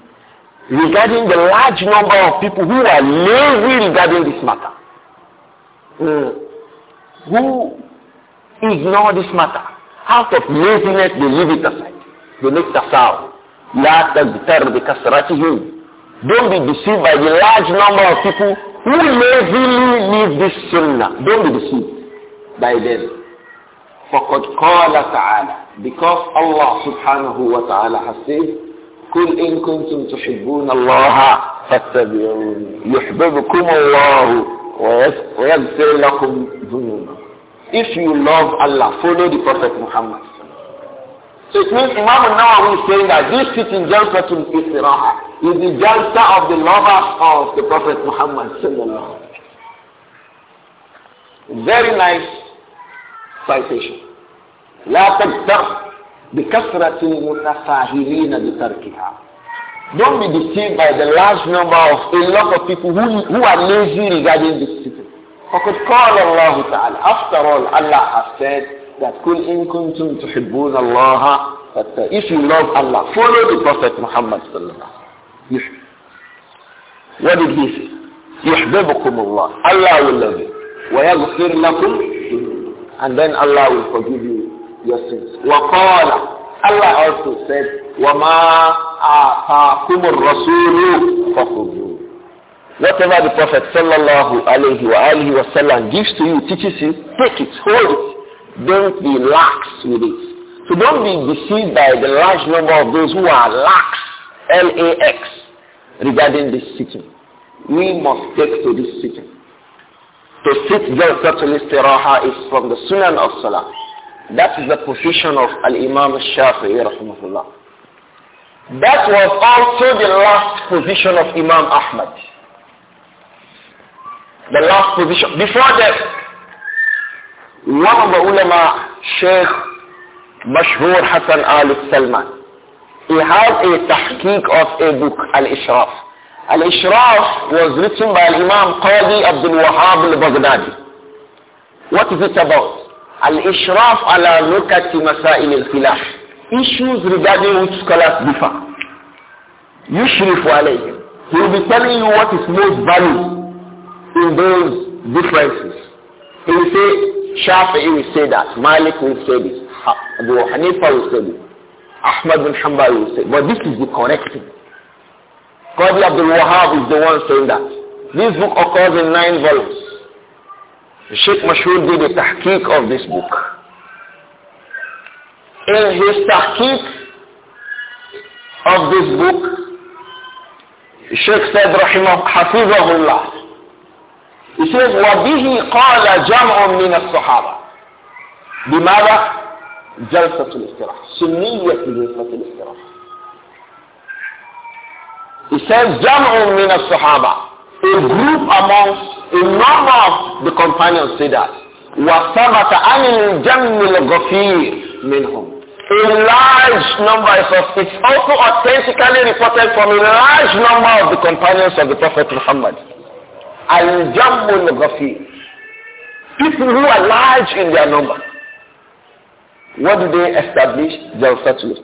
[SPEAKER 2] regarding the large number of people who are lazy regarding this matter, hmm. who ignore this matter. Out of laziness, they leave it aside. They make the sound. لا تغتر بكثرتهم Don't be deceived by the large number of people who lazily leave this sunnah. Don't be deceived by them. فقد قال تعالى because Allah subhanahu wa ta'ala has said قل إن كنتم تحبون الله فاتبعوني يحببكم الله ويغفر لكم ذنوبكم If you love Allah, follow the Prophet Muhammad. So it means Imam al-Nawawi is saying that this sitting Jalsa to Israha is the Jalsa of the lovers of the Prophet Muhammad Very nice citation. لا تغتر بكثرة الْمُتَفَاهِلِينَ بِتَرْكِهَا Don't be deceived by the large number of a lot of people who, who are lazy regarding this people. فَقَدْ قَالَ اللَّهُ تَعَالَى After all, Allah has said that كل إِن كُنْتُمْ تُحِبُّونَ اللَّهَ uh, If you love Allah, follow the Prophet Muhammad sallallahu alaihi wasallam. What did he say? يحببكم الله Allah will love you ويغفر لكم and then Allah will forgive you your sins. Allah also said, وَمَا آتَاكُمُ الرَّسُولُ فَخُذُوهُ Whatever the Prophet sallallahu alayhi wa alihi wa sallam gives to you, teaches you, take it, hold it. Don't be lax with it. So don't be deceived by the large number of those who are lax, L-A-X, regarding this sitting. We must take to this sitting. To sit just such is from the sunan of salah. That is the position of Al-Imam Shafi'i rahimahullah. That was also the last position of Imam Ahmad. The last position. Before that,
[SPEAKER 1] one of the ulama,
[SPEAKER 2] Sheikh Mashhur Hassan Ali Salman, he had a tahqiq of a book, Al-Ishraf. Al-Ishraf was written by Imam Qadi Abdul Wahab al-Baghdadi. What is it about? Al-Ishraf ala nukati masail Issues regarding which scholars differ. Yushrifu alayhim. He will be telling you what is most valuable in those differences. He will say, Shafi'i will say that, Malik will say this, Abu Hanifa will say this, Ahmad bin Hanbal will say, but this is the correct thing. Qadi Abdul Wahab is the one saying that. This book occurs in nine volumes. Sheikh Mashoud did the tahqiq of this book. In his tahqiq of this book, Sheikh said, Rahimah Hafizahullah, he says, وَبِهِ قَالَ جَمْعٌ مِنَ الصَّحَابَةِ بِمَاذَا جَلْسَةُ الْإِسْتِرَاحِ سُنِّيَّةُ جَلْسَةُ الْإِسْتِرَاحِ He says, جَمْعٌ مِنَ الصَّحَابَةِ a group amongst a number of the companions say that وثبت عن الجم الغفير منهم a large number of it's also authentically reported from a large number of the companions of the prophet muhammad al-jamm al-ghafir people who are large in their number what do they establish status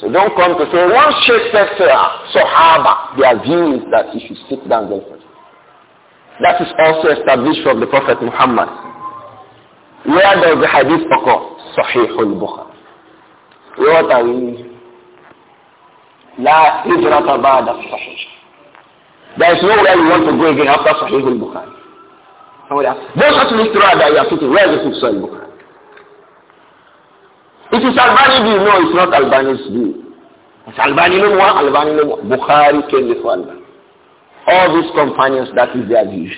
[SPEAKER 2] So don't come to say, once Shakespeare said, Sahaba, their view is that you should sit down there first. That is also established from the Prophet Muhammad. Where does the hadith occur? Sahih al-Bukhari. What are we? لا هجرة بعد الصحيح. There is nowhere you want to go again after Sahih al-Bukhari. Somebody asks, those are the that you are sitting, where is the Sahih al-Bukhari? It is Albani view. No, it's not Albani's view. It's Albani no more, Albani no more. Bukhari came before Albani. All these companions, that is their view.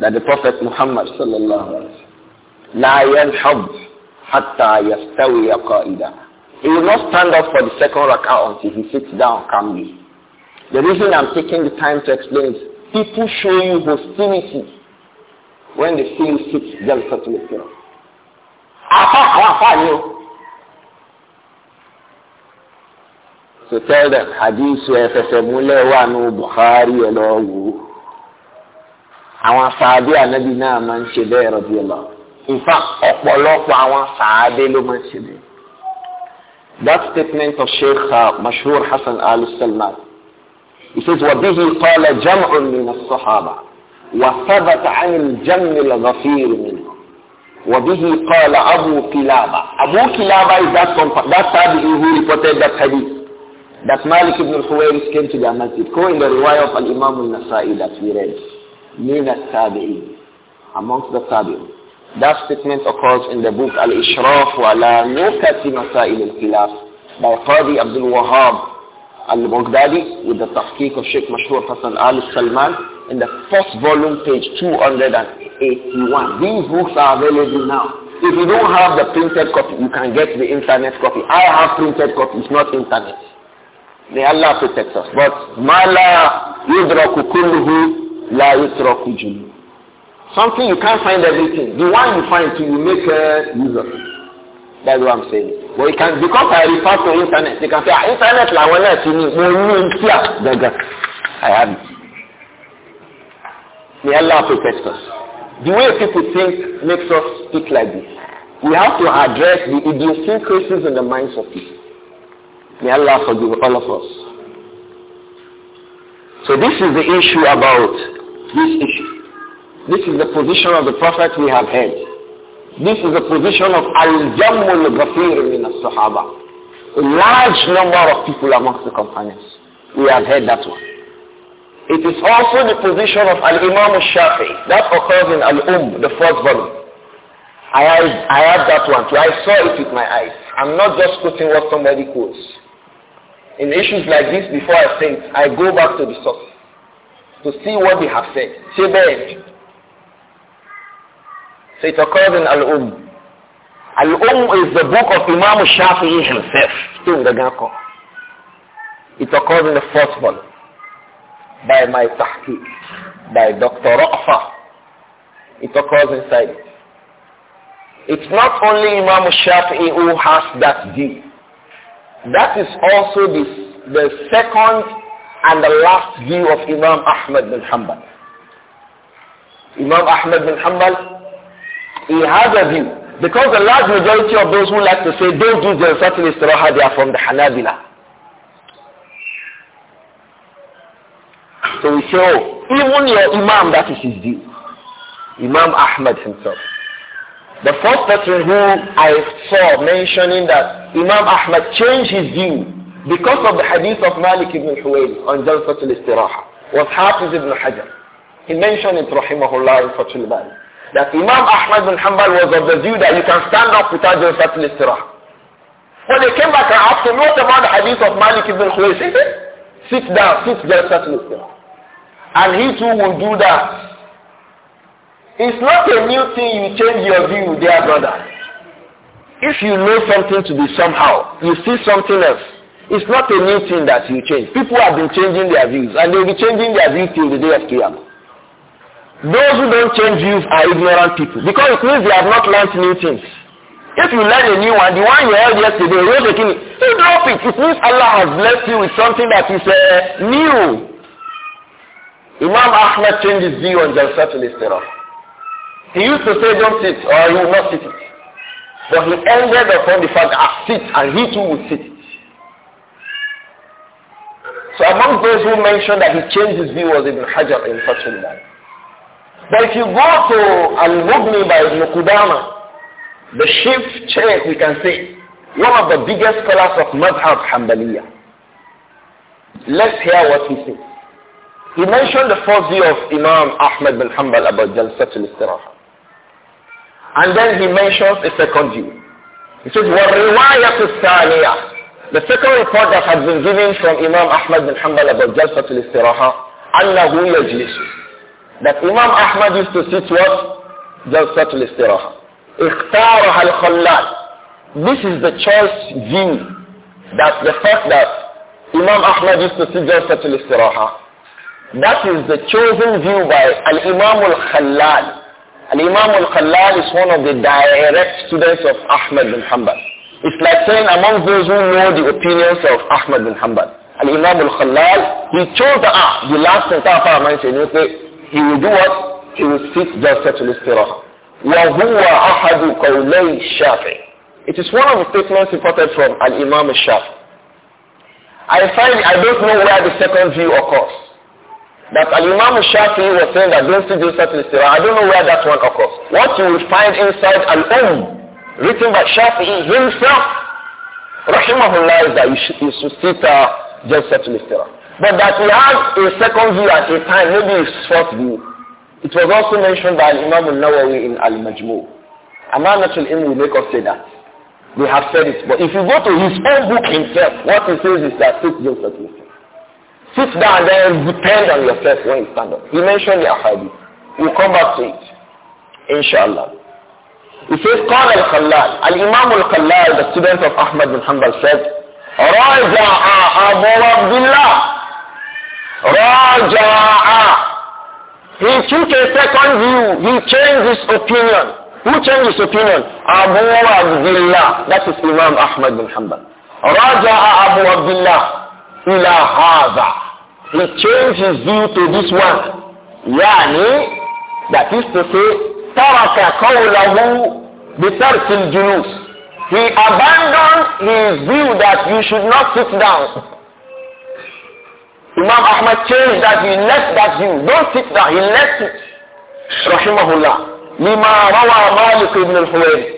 [SPEAKER 2] That the Prophet Muhammad sallallahu alaihi wasallam, لا ينحب حتى يستوي
[SPEAKER 1] He will not stand up
[SPEAKER 2] for the second rak'ah until he sits down calmly. The reason I'm taking the time to explain is people show you hostility when they see you sit Jalsatul the
[SPEAKER 1] Afa,
[SPEAKER 2] sotɛrɛ hadisi ẹfẹsẹmúlẹ̀ wà ní buhari ẹlọ́wọ́ àwọn asaabi anabi náà máa ń ṣe bẹ́ẹ̀ rọ̀bì ọlọ́ nfa ọ̀pọ̀lọpọ̀ àwọn asaabi ló máa ń ṣe bẹ́ẹ̀. that statement of sheikh mashhur hasan al salman he says wabihi qala jam'un min as-sahaba wa thabata 'an al-jam' al-ghafir minhu wabihi qala abu kilaba abu kilaba is that, that tabi'i who reported that hadith that Malik ibn al-Khuwairis came to the masjid. Go in the riwayah of al-Imam al-Nasai that we read. Min al-Tabi'in. Amongst the Tabi'in. That statement occurs in the book Al-Ishraf wa la Nukati Masail al-Khilaf by Qadi Abdul Wahab al-Baghdadi with the tahqiq of Sheikh Mashhur Hassan al-Salman in the first volume page 281. These books are available now. If you don't have the printed copy, you can get the internet copy. I have printed copy, it's not internet. May Allah protect us. But mala yudraku kulluhu la yutraku Something you can't find everything. The one you find, you make a user. That's what I'm saying. But you can, because I refer to internet, you can say, ah, internet la wala tini, mo I have it. May Allah protect us. The way people think makes us speak like this. We have to address the idiosyncrasies in the minds of people. May Allah forgive all of us. So this is the issue about this issue. This is the position of the Prophet we have heard. This is the position of Al-Jammul Ghafir in the sahaba A large number of people amongst the companions. We have heard that one. It is also the position of Al-Imam al-Shafi. That occurs in Al-Umm, the first volume. I, I have that one too. I saw it with my eyes. I'm not just quoting what somebody quotes. In issues like this, before I think, I go back to the source to see what they have said. Say bad. So it occurs in Al-Um. Al-Um is the book of Imam Shafi'i himself. It occurs in the first volume. By my tahqiq. By Dr. Ra'fa. It occurs inside It's not only Imam Shafi'i who has that deed. That is also the, the second and the last view of Imam Ahmad bin Hanbal. Imam Ahmad bin Hanbal, he has a view. Because the large majority of those who like to say don't do the Satil Istiraha, they are from the Hanabila. So we say, oh, even your Imam, that is his view. Imam Ahmad himself. The first person who I saw mentioning that Imam Ahmad changed his view because of the hadith of Malik ibn Huwayl on Jalsat al-Istiraha was Hafiz ibn Hajar. He mentioned it, rahimahullah, in Fatul Bari. That Imam Ahmad bin Hanbal was of the view that you can stand up without Jalsat al-Istiraha. When they came back and asked him, what about the hadith of Malik ibn Huwayl? He said, sit down, sit Jalsat al-Istiraha. And he too will do that it's not a new thing you change your view, dear brother. If you know something to be somehow, you see something else. It's not a new thing that you change. People have been changing their views, and they'll be changing their views till the day of Qiyamah. Those who don't change views are ignorant people, because it means they have not learned new things. If you learn a new one, the one you heard yesterday, you're taking You drop it. It means Allah has blessed you with something that is uh, new. Imam Ahmad changed his view on Jalsatul Istirah. He used to say, don't sit, or you will not sit it. But he ended upon the fact, I ah, sit, and he too would sit it. So among those who mentioned that he changed his view was Ibn Hajar in a way. But if you go to Al-Mughni by Ibn Qudama, the chief chair, we can say, one of the biggest scholars of Madhab Hanbaliya. Let's hear what he says. He mentioned the first view of Imam Ahmad bin Hanbal about al Istiraha. And then he mentions a second view. He says, وَالرِّوَايَةُ الثَّانِيَةِ The second report that has been given from Imam Ahmad bin Hanbal about Jalsat al-Istiraha, أَنَّهُ يَجْلِسُ That Imam Ahmad used to sit what? Jalsat al-Istiraha. اِخْتَارَهَا الْخَلَّالِ This is the choice view. That the fact that Imam Ahmad used to sit Jalsat al-Istiraha, that is the chosen view by Al-Imam al-Khallal. And imam al-Khallal is one of the direct students of Ahmad bin Hanbal. It's like saying among those who know the opinions of Ahmad bin Hanbal. Al-Imam al-Khallal, he chose the ah, the last entire Paramount in UK. He will do what? He will seek justice al-istiraha. وَهُوَ أَحَدُ قَوْلَيْ الشَّافِعِ It is one of the statements reported from Al-Imam al-Shafi. I find, I don't know where the second view occurs. That imam Shafi was saying that don't do certain istirah. I don't know where that one occurs. What you will find inside al Um written by Shafi himself,
[SPEAKER 1] Rahimahullah, is
[SPEAKER 2] that you should, you should sit uh, just certain istirah. But that he has a second view at a time, maybe his fourth view. It was also mentioned by Imam al-Nawawi in Al-Majmu. Amanatul Ilm will make us say that. They have said it. But if you go to his own book himself, what he says is that six days at least. Sit down then depend on yourself when you stand up. He mentioned your hadith. We'll come back to it. Inshallah. He says, قال الخلال الإمام الخلال the student of Ahmad bin Hanbal said رجع أبو عبد الله رجع He took a second view. He changed his opinion. Who changed his opinion? Abu Abdullah. That is Imam Ahmad bin Hanbal. رجع أبو عبد الله إلى هذا he changes his view to this one Yani that is to say ترك قوله بترك الجلوس he abandoned his view that you should not sit down Imam Ahmad changed that he left that view. Don't sit down. He left it. Rahimahullah. Lima rawa Malik ibn al-Huwairi.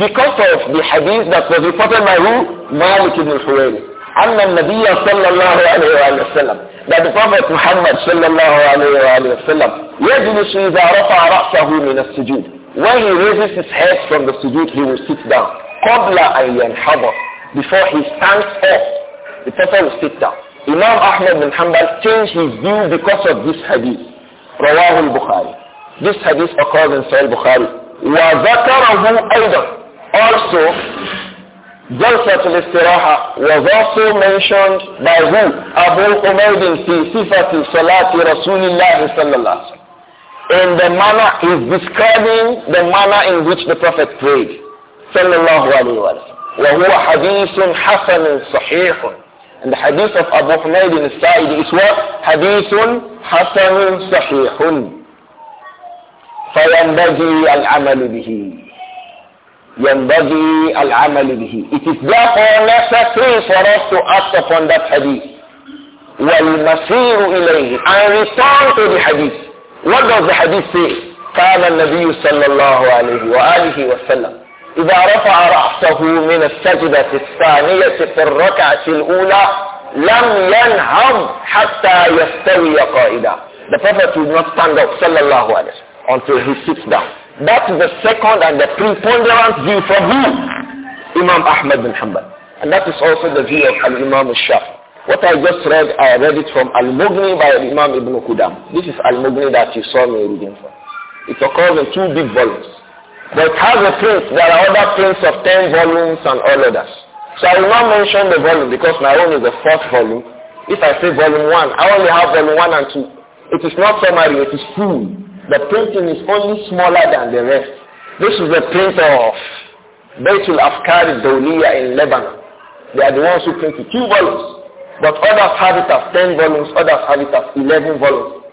[SPEAKER 2] Because of the hadith that was reported by who? Malik ibn al-Huwairi. أن النبي صلى الله عليه وآله وسلم بعد the محمد صلى الله عليه وآله وسلم يجلس إذا رفع رأسه من السجود when he raises his head from the sujood he will sit down قبل أن ينحضر before he stands up the Prophet will sit down Imam Ahmad bin Hanbal changed his view because of this hadith رواه البخاري this hadith occurs in Sahih Bukhari وذكره أيضا also جلسة الاستراحة was also mentioned by who? Abu Umayd في صفة صلاة رسول الله صلى الله عليه وسلم. In the manner is describing the manner in which the Prophet prayed. صلى الله عليه وسلم. وهو حديث حسن صحيح. And the hadith of Abu Humayd al-Sa'idi is what? حديث حسن صحيح. فينبغي العمل به. ينبغي العمل به. It is therefore necessary for us to act upon that hadith. والمسير إليه and return to the hadith. What does the hadith say? قال النبي صلى الله عليه وآله وسلم إذا رفع رأسه من السجدة الثانية في الركعة الأولى لم ينهض حتى يستوي قائدا. The Prophet would not stand up صلى الله عليه وسلم until he sits down. That's the second and the preponderant view from who? Imam Ahmad bin Hanbal. And that is also the view of Al-Imam al-Shafi. What I just read, I read it from Al-Mughni by Imam Ibn Qudam. This is Al-Mughni that you saw me reading from. It occurs in two big volumes. But it has a print. There are other prints of 10 volumes and all others. So I will not mention the volume because my own is the fourth volume. If I say volume 1, I only have volume 1 and 2. It is not summary, it is full. The printing is only smaller than the rest. This is the printer of Betul Afkar Dawliya in Lebanon. They are the ones who print two volumes. But others have it as 10 volumes, others have it as 11 volumes.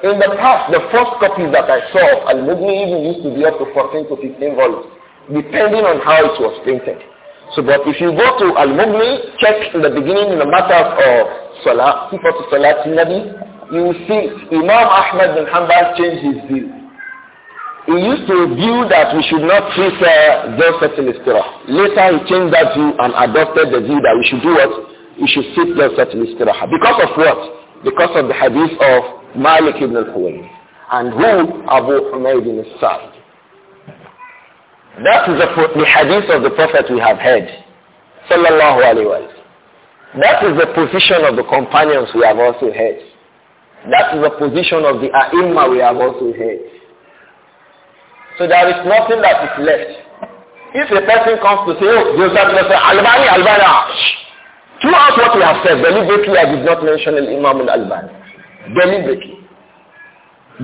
[SPEAKER 2] In the past, the first copies that I saw of al even used to be up to 14 to 15 volumes, depending on how it was printed. So but if you go to Al-Mughni, check in the beginning in the matters of Salah, Sifat Salat Nabi, you will see Imam Ahmad bin Hanbal changed his view. He used to view that we should not treat uh, those certain istirah. Later he changed that view and adopted the view that we should do what? We should sit those certain istirah. Because of what? Because of the hadith of Malik ibn al And who? Abu Humayd ibn Sa'd. That is the, the hadith of the Prophet we have heard. Sallallahu alayhi wa That is the position of the companions we have also heard. That is the position of the ai we have also heard. So there is nothing that is left. If a person comes to say, oh, Joseph Nasser, Albani, Albani, ah, throughout what we have said, deliberately I did not mention Imam al-Albani. Deliberately.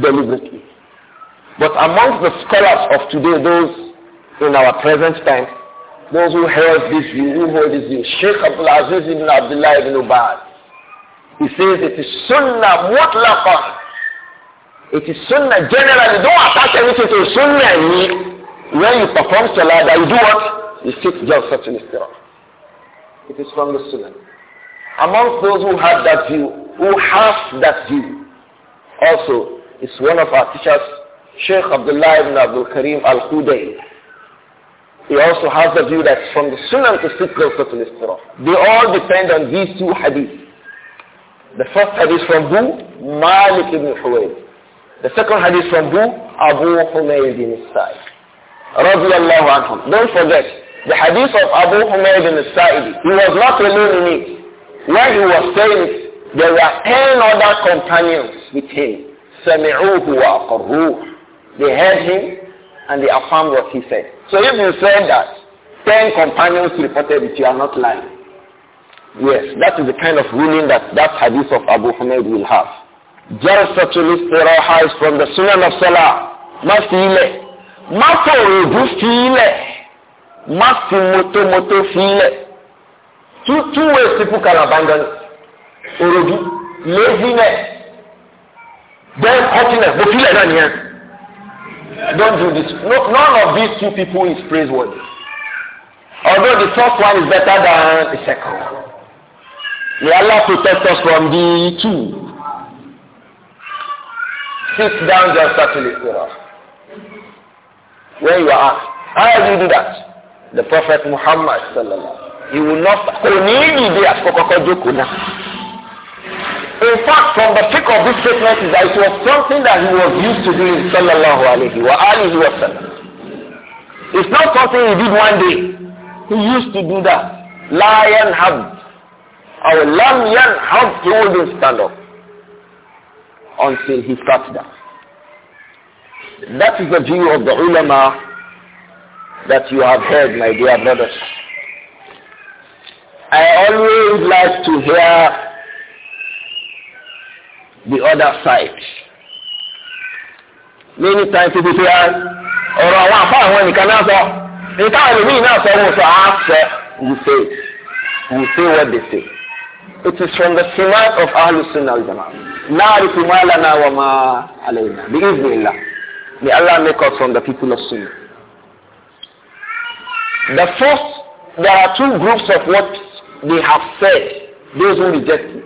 [SPEAKER 2] Deliberately. But amongst the scholars of today, those in our present time, those who heard this view, who hold this view, Sheikh Abdul Aziz ibn Abdullah ibn Ubad, he says it is sunnah mutlaqan. It is sunnah generally. Don't attach anything to sunnah. When you perform salah, that you do what? You sit just such an istirah. It is from the sunnah. Amongst those who have that view, who have that view, also is one of our teachers, Sheikh Abdullah ibn Abdul Karim al-Khudayl. He also has the view that from the sunnah to sit closer to the istirah. They all depend on these two hadiths. The first hadith from who? Malik ibn Huwayd. The second hadith from who? Abu Humayd ibn Sa'id. Radiallahu anhum. Don't forget, the hadith of Abu Humayd ibn Sa'id, he was not alone in it. When he was saying it, there were ten other companions with him. سَمِعُوهُ وَأَقَرُّوهُ They heard him and they affirmed what he said. So if you said that ten companions reported it, you are not lying. Yes, that is the kind of ruling that that hadith of Abu Hamid will have. Jalsatul istiraha is from the Sunan of Salah. Má fi ilẹ̀. Má fòròdú fi ilẹ̀. Má fi motomoto fi ilẹ̀. Two, two ways people can abandon it. Òròdú, laziness, then haughtiness. Mo fi ilẹ̀ náà nìyẹn. Don't do this. No, none of these two people is praiseworthy.
[SPEAKER 1] Although the first one is better than
[SPEAKER 2] the second one. May Allah protect us from the two. Sit down just satellite for us. When you are asked, how do you do that? The Prophet Muhammad sallallahu he will not kò ní ìdí In fact, from the thick of this statement is that it was something that he was used to doing sallallahu alayhi wa alihi wa sallam. It's not something he did one day. He used to do that. Lion have Our lamb lam yanhad, he wouldn't stand up until he sat down. That is the view of the ulama that you have heard, my dear brothers. I always like to hear the other side. Many times people say, ah, ọ̀rọ̀ àwọn àbá àwọn nìkan náà sọ, nìkan àwọn ènìyàn náà sọ, wọ́n sọ, á ah, sọ, you say, you say what they say. It is from the simat of Ahlul Sunnah al-Jama'ah. نَعْرِفُ مَا لَنَا وَمَا عَلَيْنَا بِإِذْنِ الله. May Allah make us from the people of Sunnah. The first, there are two groups of what they have said, those who reject it.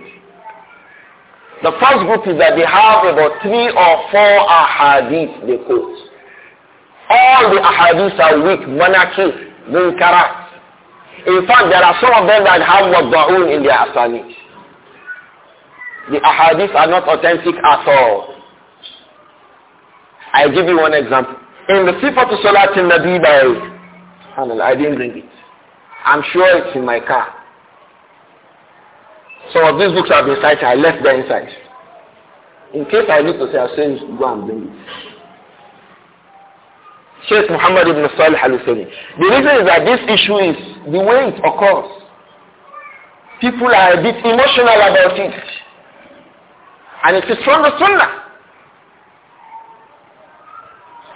[SPEAKER 2] The first group is that they have about three or four ahadith they quote. All the ahadith are weak, manakif, munkarat. In fact, there are some of them that have wadda'un in their asanid. The ahadith are not authentic at all. I give you one example. In the Sifatul Salat in Nabi by, I didn't bring it. I'm sure it's in my car. Some of these books have been cited. I left them inside. In case I need to say, I'll say, go and bring it. Sheikh Muhammad ibn Salih al-Husseini. The reason is that this issue is the way it occurs. People are a bit emotional about it. And it is from the Sunnah.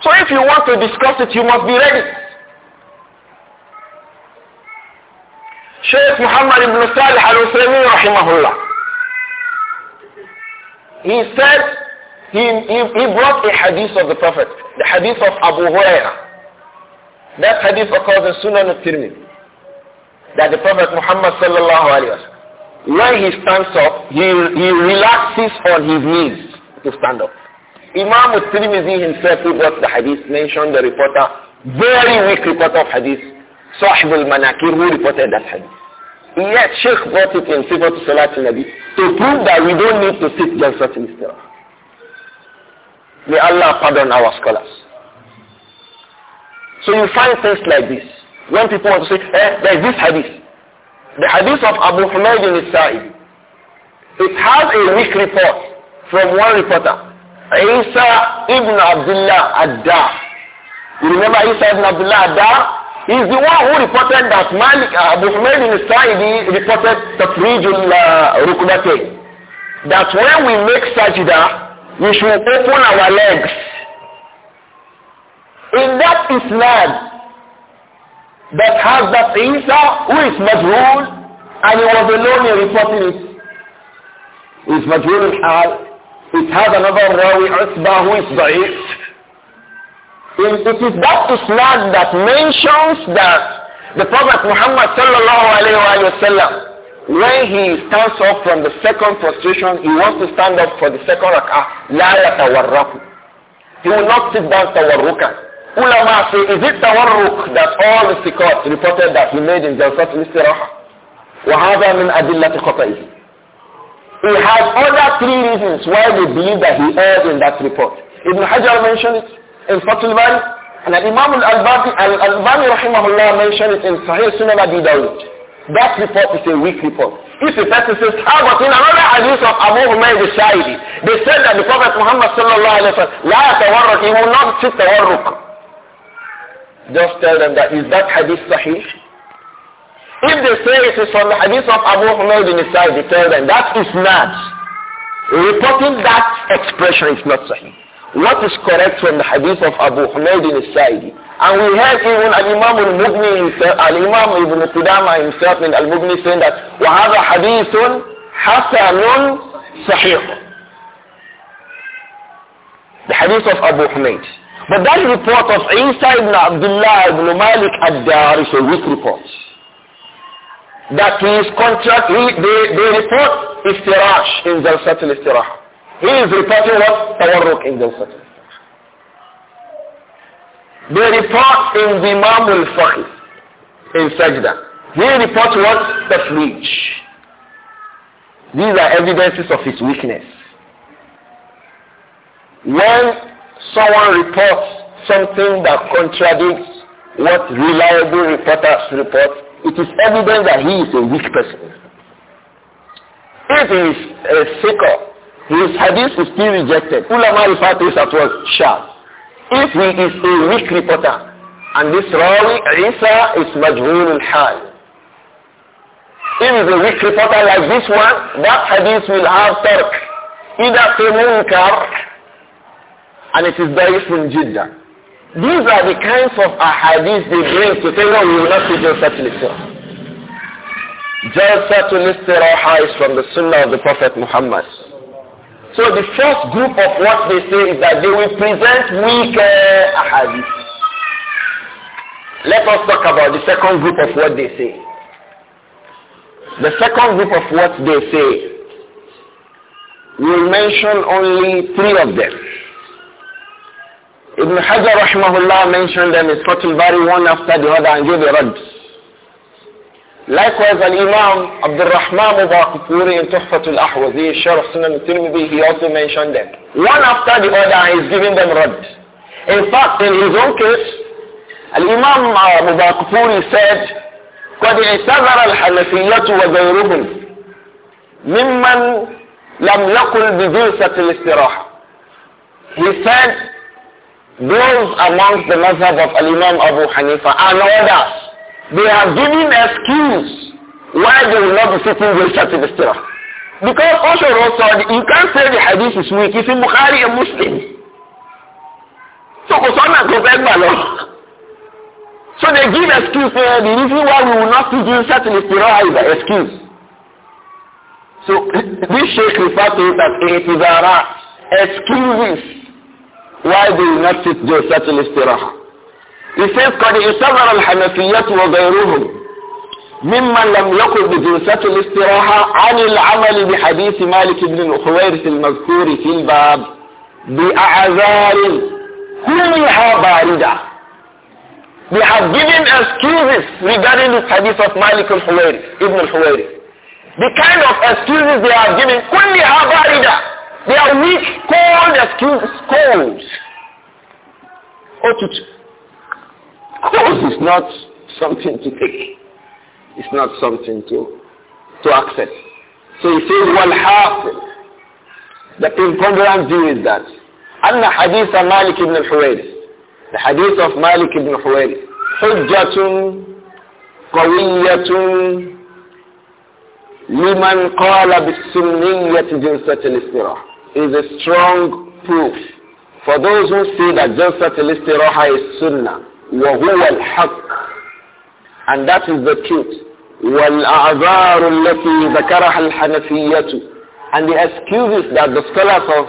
[SPEAKER 2] So if you want to discuss it, you must be ready. Sheikh Muhammad ibn Salih al-Husseini rahimahullah. He said, he, he, he brought a hadith of the Prophet, the hadith of Abu Huraira. That hadith occurs in Sunan al-Tirmidhi. That the Prophet Muhammad sallallahu alayhi wa sallam, when he stands up, he, he relaxes on his knees to stand up. Imam al-Tirmidhi himself who brought the hadith mentioned the reporter, very weak reporter of hadith, Sahib al-Manakir who reported that hadith. Yet Sheikh brought it in Sifat Salat al-Nabi to prove that we don't need to sit Jalsat al-Istirah. May Allah pardon our scholars. So you find things like this. When people want to say, eh, there is this hadith. The hadith of Abu Humayd al-Sa'i. It has a weak report from one reporter. Isa ibn Abdullah Adda. You remember Isa ibn Abdullah Adda? He's the one who reported that Malik, uh, Abu Humayd al-Sa'idi reported Tafrijul uh, Rukbatay. That when we make sajda, we should open our legs. In that Islam that has that Isa who is Majhul and he was alone in reporting it. Is Majhul al It has another Rawi Usba who is Da'if. it is that Islam that mentions that the Prophet Muhammad sallallahu alayhi wa sallam when he stands up from the second frustration, he wants to stand up for the second rak'ah. La yatawarraku. He will not sit down tawarrukan. Ulama say, is it tawarruk that all the sikhs reported that he made in Jalsat al-Istiraha? وهذا من أدلة خطئه. He has other three reasons why they believe that he erred in that report. Ibn Hajar mentioned it in Fatul Bari, and Imam al-Albani, al-Albani rahimahullah mentioned it in Sahih Sunan Abi Dawud. That report is a weak report. If the person says, how about in another hadith of Abu Humayr al they said that the Prophet Muhammad sallallahu alayhi wa sallam, la tawarruk, he will not sit tawarruk. Just tell them that, is that hadith sahih? If they say it is from the hadith of Abu Humayr al-Shahidi, tell them that is not. Reporting that expression is not sahih. What is correct from the hadith of Abu Humayd al-Sa'idi? And we heard even Al-Imam al-Mughni himself, Al-Imam Ibn Qudama himself in Al-Mughni saying that وَهَذَا حَدِيثٌ حَسَنٌ صَحِيحٌ The hadith of Abu Humayd. But that report of Isa ibn Abdullah ibn Malik ad-Dar is a weak report. That his contract, he, they, they report istirash in al Istirah. He is reporting what? Tawarruk in Jalsat. They report in the Imam al-Fakhi in Sajda. He reports what? Tafrij. These are evidences of his weakness. When someone reports something that contradicts what reliable reporters report, it is evident that he is a weak person. If he is a faker, his hadith is still rejected. Ulama refer to this as well, shah. If he is a weak reporter, and this Rawi Isa is Majhul al-Hal. If is a weak reporter like this one, that hadith will have Turk. Either to munkar, and it is based in Jiddah. These are the kinds of ahadith they bring to say, no, we will not do such al-Istirah. Jalsatul Istiraha is from the Sunnah of the Prophet Muhammad so the first group of what they say is that they will present weak uh, ahadith. Let us talk about the second group of what they say. The second group of what they say we will mention only three of them. Ibn Hajar rahimahullah mentioned them in Fatul Bari one after the other and gave a radd. Likewise, Al-Imam Abdul Rahman Mubarakpuri in Tuhfat al-Ahwazi, Sharaf Sunan al-Tirmidhi, he also mentioned them. One after the other, he's giving them rad. In fact, in his own case, Al-Imam uh, Mubarakpuri said, قد اعتذر الحنفية وغيرهم ممن لم يقل بجلسة الاستراحة. He said, those amongst the mazhab of Al-Imam Abu Hanifa and others They are giving excuse why they will not be sitting Wilshire to the stirah. Because also also you can't say the hadith is weak. It's in Bukhari a Muslim. So so they give excuse for eh, the reason why we will not sit in certain istirah is an excuse. So this sheikh refers to it as itizara, excuses why they will not sit the certain stirah. He قد اعتذر الحنفية وغيرهم ممن لم يكن بجلسة الاستراحة عن العمل بحديث مالك بن الحويرث المذكور في الباب بأعذار كلها باردة We have given excuses regarding this hadith of Malik al-Huwairi, Ibn al-Huwairi. The kind of excuses they have given, كلها باردة. They are weak, cold excuses, cold. Oh, to, course, it's not something to take. It's not something to to accept. So he says, half. The preponderant view is that. the hadith of Malik ibn al-Huwairi. The hadith of Malik ibn al-Huwairi. Hujjatun قوية لمن قال بالسنية جلسة الاستراحة is a strong proof for those who say that جلسة الاستراحة is sunnah وَهُوَ الْحَقِّ And that is the truth. وَالْأَعْذَارُ الَّتِي ذَكَرَهَا الْحَنَفِيَّةُ And the excuses that the scholars of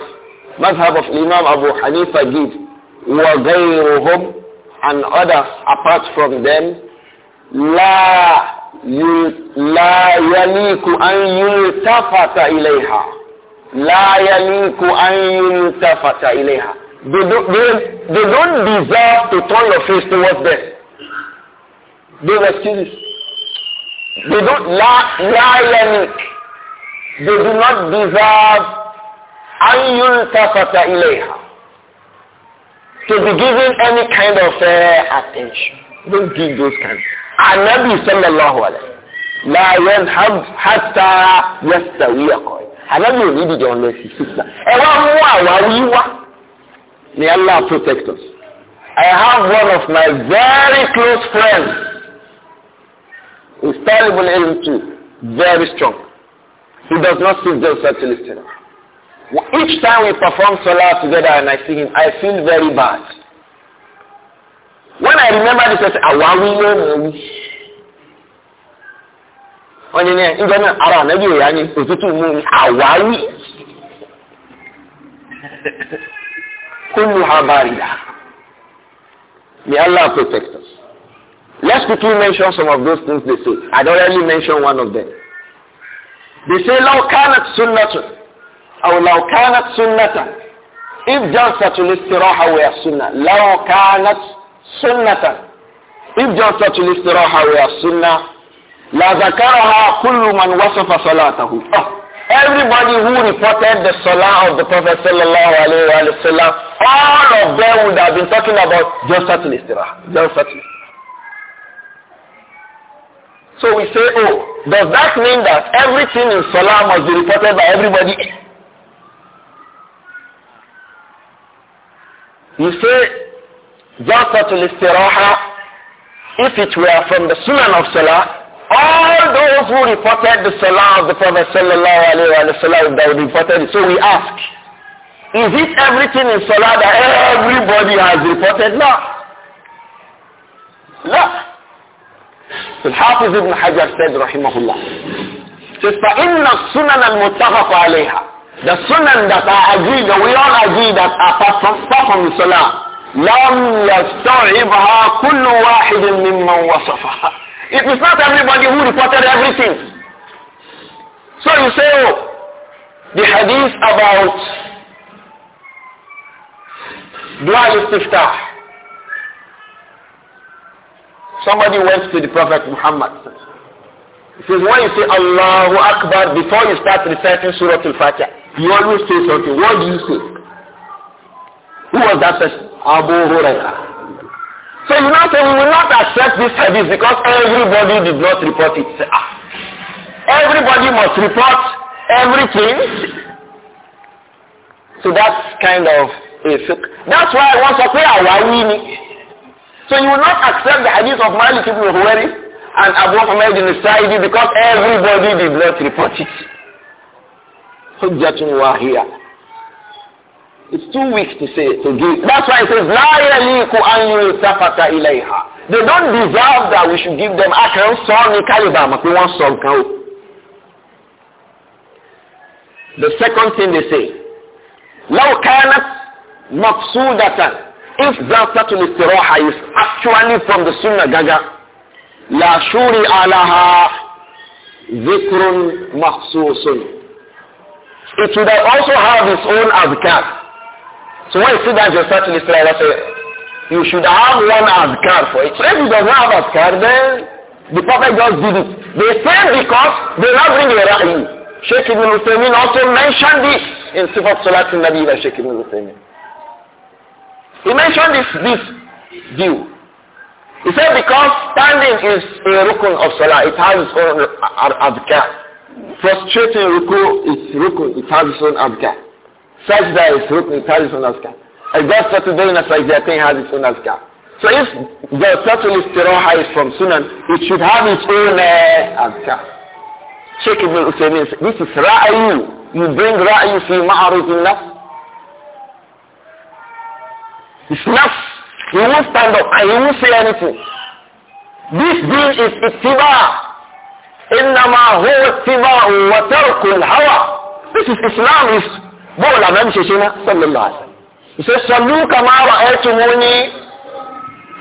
[SPEAKER 2] Madhab of Imam Abu Hanifa give وَغَيْرُهُمْ And others apart from them لَا لا يليق أن يلتفت إليها لا يليق أن يلتفت إليها they, do, they, they don't deserve to turn your face towards them. They were serious. They don't lie, lie They do not deserve أن يلتفت إليها to be given any kind of uh, attention, they Don't give those kind. Anabi sallallahu alayhi la yadhhab hatta yastawiya kọ́ ẹ̀. Anabi ò ní dìde ọ̀nà ẹ̀sìn sísá. Ẹ wá mú àwa wíwá. May Allah protect us. I have one of my very close friends with terrible ilm too, very strong. He does not sit just at listening. Each time we perform salah together and I see him, I feel very bad. When I remember this, I say, Awawi no wọ́n ní ní ìjọ náà ara ànábì òyà ni òtútù mú mi àwárí kulluha barida. May Allah protect us. Let's quickly mention some of those things they say. I'd already mentioned one of them. They say, لو كانت سنة أو لو كانت سنة if جلسة الاستراحة were سنة لو كانت سنة if جلسة الاستراحة were سنة لذكرها كل من وصف صلاته. Oh. Everybody who reported the Salah of the Prophet sallallahu alaihi wasallam, all of them would have been talking about Jalsatul Istirah, Jalsatul So we say, oh, does that mean that everything in Salah must be reported by everybody? You say, Jalsatul istirah. if it were from the Sunan of Salah, All those who reported the salah of the Prophet sallallahu alayhi wa sallam that reported it. So we ask, is it everything in salah that everybody has reported? No. No. So Hafiz ibn Hajar said رحمه الله says فإن السنن المتفق عليها the sunan that I agree that we all agree that are apart from salah لم يستوعبها كل واحد ممن وصفها It is not everybody who reported everything. So you say, oh, the hadith about dua istiftah. Somebody went to the Prophet Muhammad. He says, when you say Allahu Akbar, before you start reciting Surah Al-Fatiha, you always say something. What do you say? Who was that person? Abu Hurairah. So you now say, we will not accept this service because everybody did not report it. Ah. Everybody must report everything. So that's kind of a That's why I want to a awawini. So you will not accept the hadith of Malik ibn Huwari and Abu Ahmed in Saidi because everybody did not report it. why here. It's too weak to say to give. That's why it says, La yaliku an yultafata ilayha. They don't deserve that we should give them. I can solve ni kaliba, but we want song can The second thing they say, لو كانت مقصودة if Zawqatul Istiraha is actually from the Sunnah Gaga, La Shuri Alaha Zikrun Mahsusun. It would also have its own adhkar. So when a student will start to listen, I say, you should have one azkar for it. So if you don't have azkar, then the prophet just did it. They say because they not bring a ra'i. Sheikh Ibn Uthaymeen also mentioned this in Sifat Salat Nabi by Sheikh Ibn Uthaymeen. He mentioned this, this view. He said because standing is a rukun of salah. It has its own azkar. Frustrating ruku is rukun. It has its own azkar. Sajda is rukn, it has its own askar. A God settled doing a sajdatain has its own askar. So if the settled istiraha is from sunan, it should have its own uh, askar. Sheikh Ibn Uthaymeen says, this is ra'ayu. You bring ra'ayu fi ma'arud nafs. It's nafs. He won't stand up and he won't say anything. This deen is ittiba. إنما هو اتباع وترك الهوى. This is Islam. It's bóò lànà ń ṣeṣe ná sallallahu alaihi ṣe sọlú kàmáwà ẹ̀tù mú ní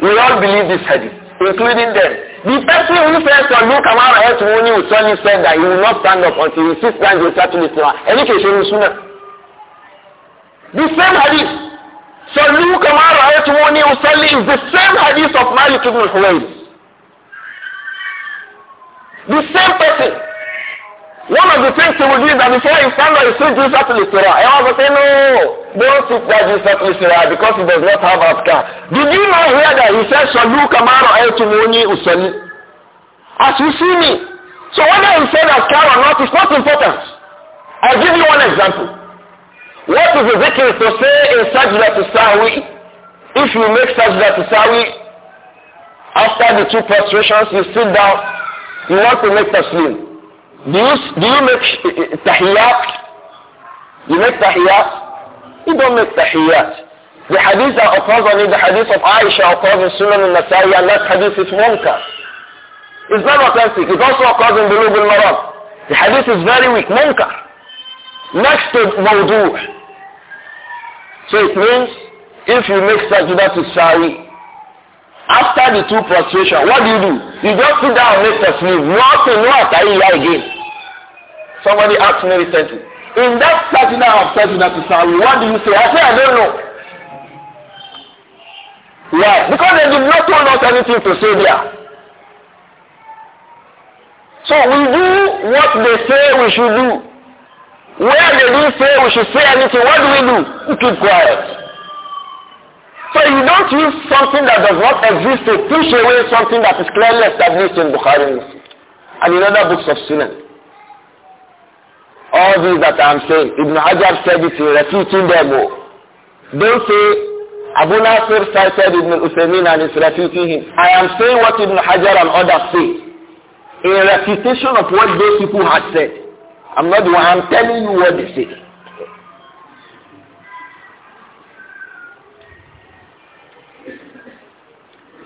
[SPEAKER 2] we all believe this hadith including them the person who fẹ́ sọlú kàmáwà ẹ̀tù mú ní usọ́lì said that he will not stand up until he sits down he start to lis ten ẹni kì í ṣe musulman the same hadith sọlú kàmáwà ẹ̀tù mú ní usọ́lì is the same hadith of Malik ibn Huwayrith the same person. One of the things he will do is that before he stand up, he still do Satul Isra. Everyone will say, no, don't sit down do Satul Isra because he does not have Afghan. Did you not hear that? He said, Shalu Kamara Etumuni Usali. As you see me. So whether he said Afghan or not, it's not important. I'll give you one example. What is the zikr to say in Sajda to Sawi? If you make Sajda to Sawi, after the two prostrations, you sit down, you want to make Taslim. Do you, do you make tahiyyat? You make tahiyyat? You don't make tahiyyat. The hadith that occurs on it, the hadith of Aisha occurs in Sunan al-Nasai and that hadith is munkar. It's not authentic. It also occurs in Bulub al-Maram. The hadith is very weak, munkar. Next to mawdu'. So it means if you make sajda to sari, after the two prostration, what do you do? You just sit down and make taslim. Nothing, no atayya again. Somebody asked me recently, in that Sajina of Sajina to Sawi, what do you say? I say, I don't know. Why? Because they did not tell us anything to say there. So we do what they say we should do. Where they do not say we should say anything, what do we do? We keep quiet. So you don't use something that does not exist to push away something that is clearly established in Bukhari and in other books of Sunan. All these that I'm saying, Ibn Hajar said it in refuting them. Oh. Don't say, Abu Nasir cited Ibn Uthaymeen and is refuting him. I am saying what Ibn Hajar and others say. In refutation of what those people had said. I'm not the one, I'm telling you what they say.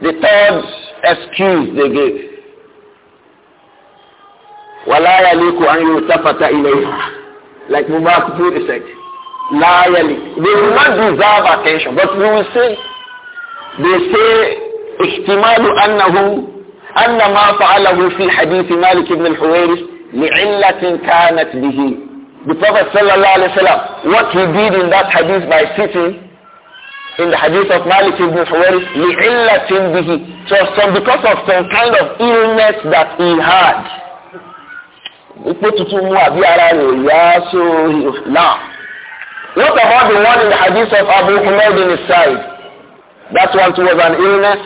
[SPEAKER 2] The third excuse they gave ولا يليق أن يلتفت إليها like Mubarak Puri said لا يليق they do not deserve attention but we will say they say احتمال أنه أن ما فعله في حديث مالك بن الحويرث لعلة كانت به The Prophet صلى الله عليه وسلم what he did in that hadith by sitting in the hadith of Malik ibn Huwaris, لِعِلَّةٍ بِهِ So some, because of some kind of illness that he had, pé tuntun mú àbí ara rẹ̀ yá so what about the one in the hadith of Abu Humayd in his side that one too was an illness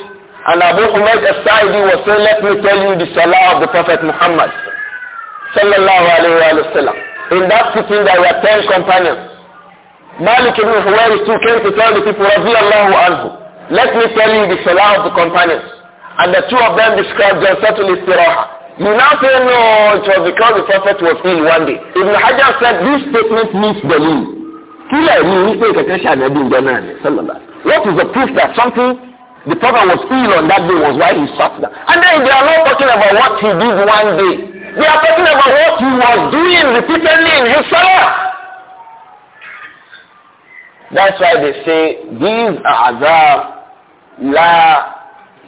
[SPEAKER 2] and Abu Humayd aside was saying let me tell you the salah of the Prophet Muhammad sallallahu alayhi wa sallam in that sitting there were ten companions Malik ibn Huwairis too came to tell the people radiyallahu anhu let me tell you the salah of the companions and the two of them described Jalsatul Istiraha You now say no, it was because the prophet was ill one day. Ibn Hajar said this statement means belief. Kílẹ̀ mi ní pé kẹ̀kẹ́ ṣàdẹ́bí ìjọ náà ni sọ́lọ́lá. What is the proof that something the prophet was ill on that day was why he sat down? And then they are not talking about what he did one day. They are talking about what he was doing repeatedly in his salah. That's why they say these are the la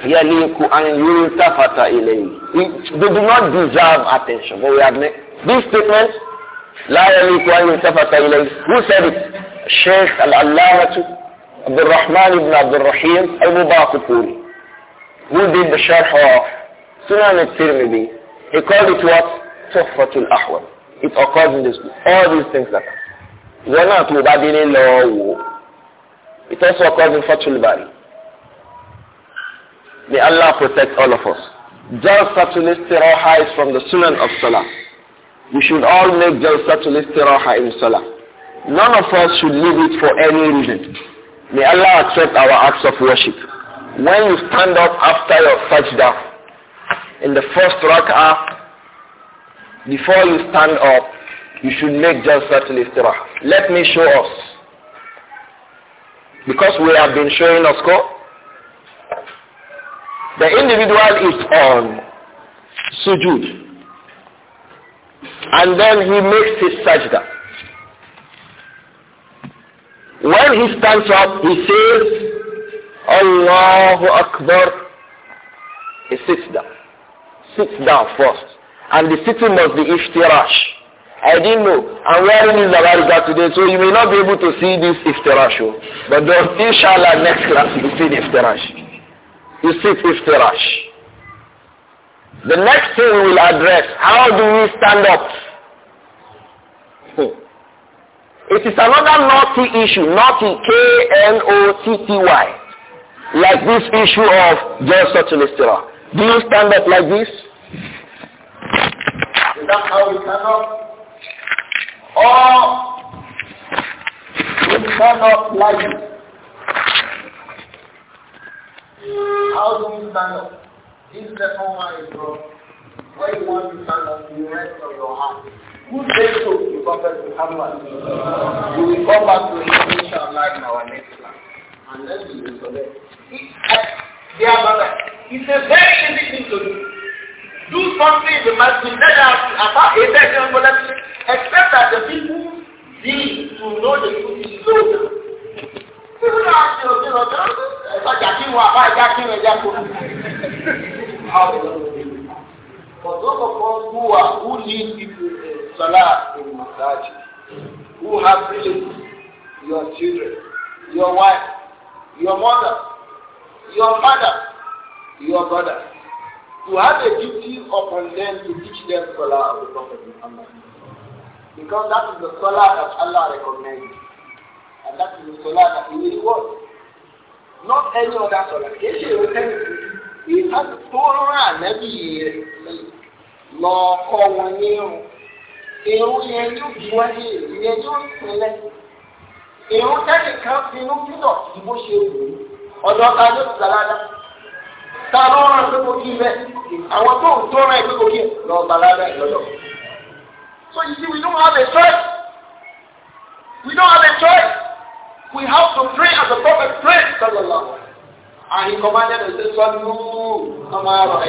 [SPEAKER 2] yaliku an yuntafata ilayhi. They do not deserve attention, but we have made this statement, la yaliku an yuntafata ilayhi. Who said it? Sheikh Al-Allamah Ibn الرحمن بن عبد الرحيم Who did the sharh of Sunan al-Tirmidhi? He called it what? Tuhfatul Ahwal. It occurs in this book. All these things that happen. We're not Mubadini Law. It also occurs in Fatul Bari. May Allah protect all of us. Jalsatul Istiraha is from the Sunan of Salah. We should all make Jalsatul Istiraha in Salah. None of us should leave it for any reason. May Allah accept our acts of worship. When you stand up after your sajda, in the first rak'ah, before you stand up, you should make Jalsatul Istiraha. Let me show us. Because we have been showing us, the individual is on sujud, And then he makes his sajda. When he stands up, he says, Allahu Akbar. He sits down. Sits down first. And the sitting must be iftirash. I didn't know. I'm wearing this Abarika today, so you may not be able to see this iftirash. Oh. But don't, inshallah, next class you see the iftirash you sleep with firash. The next thing we will address, how do we stand up? It is another naughty issue, naughty, K-N-O-T-T-Y. Like this issue of just such an istira. Do you stand up like this? Is that how we stand up? Or we stand up like this? How do we stand up? If the former is wrong, why do you want to stand up? in the rest of your heart?
[SPEAKER 1] Who says so to Prophet Muhammad? We will come
[SPEAKER 2] back to him, inshallah, in our next class. And let's be resolved. Dear brother, it's a very easy thing to do. Do something in the masjid that has about a better except that the people need to know the truth is so. For those of us who are who need people in Salah in Masaj, who have relatives, your children, your wife, your mother, your father, your brother, to have a duty upon them to teach them Salah of the Prophet Muhammad. Because that is the Salah that Allah recognizes. and that is the salah that he will work. Not ìwé tẹ́lẹ̀ ìtàkùn tó rán ànábì rẹ̀ lọ kọ́ wọn ní irun. Irun yẹn yóò bí wọ́n yẹn yóò sílẹ̀. Irun tẹ́lẹ̀ kan fi inú tí bó ṣe wù ú. Ọ̀dọ̀ ta ló ti sàládà. Ta ló rán pé kò kí bẹ́ẹ̀? Àwọn tó ń tó rán ẹ̀ kò kí lọ bàládà ìlọ́dọ̀. So you see, we don't have a choice. We don't have a choice. We have to pray as the Prophet prayed, sallallahu And he commanded us to sallu kama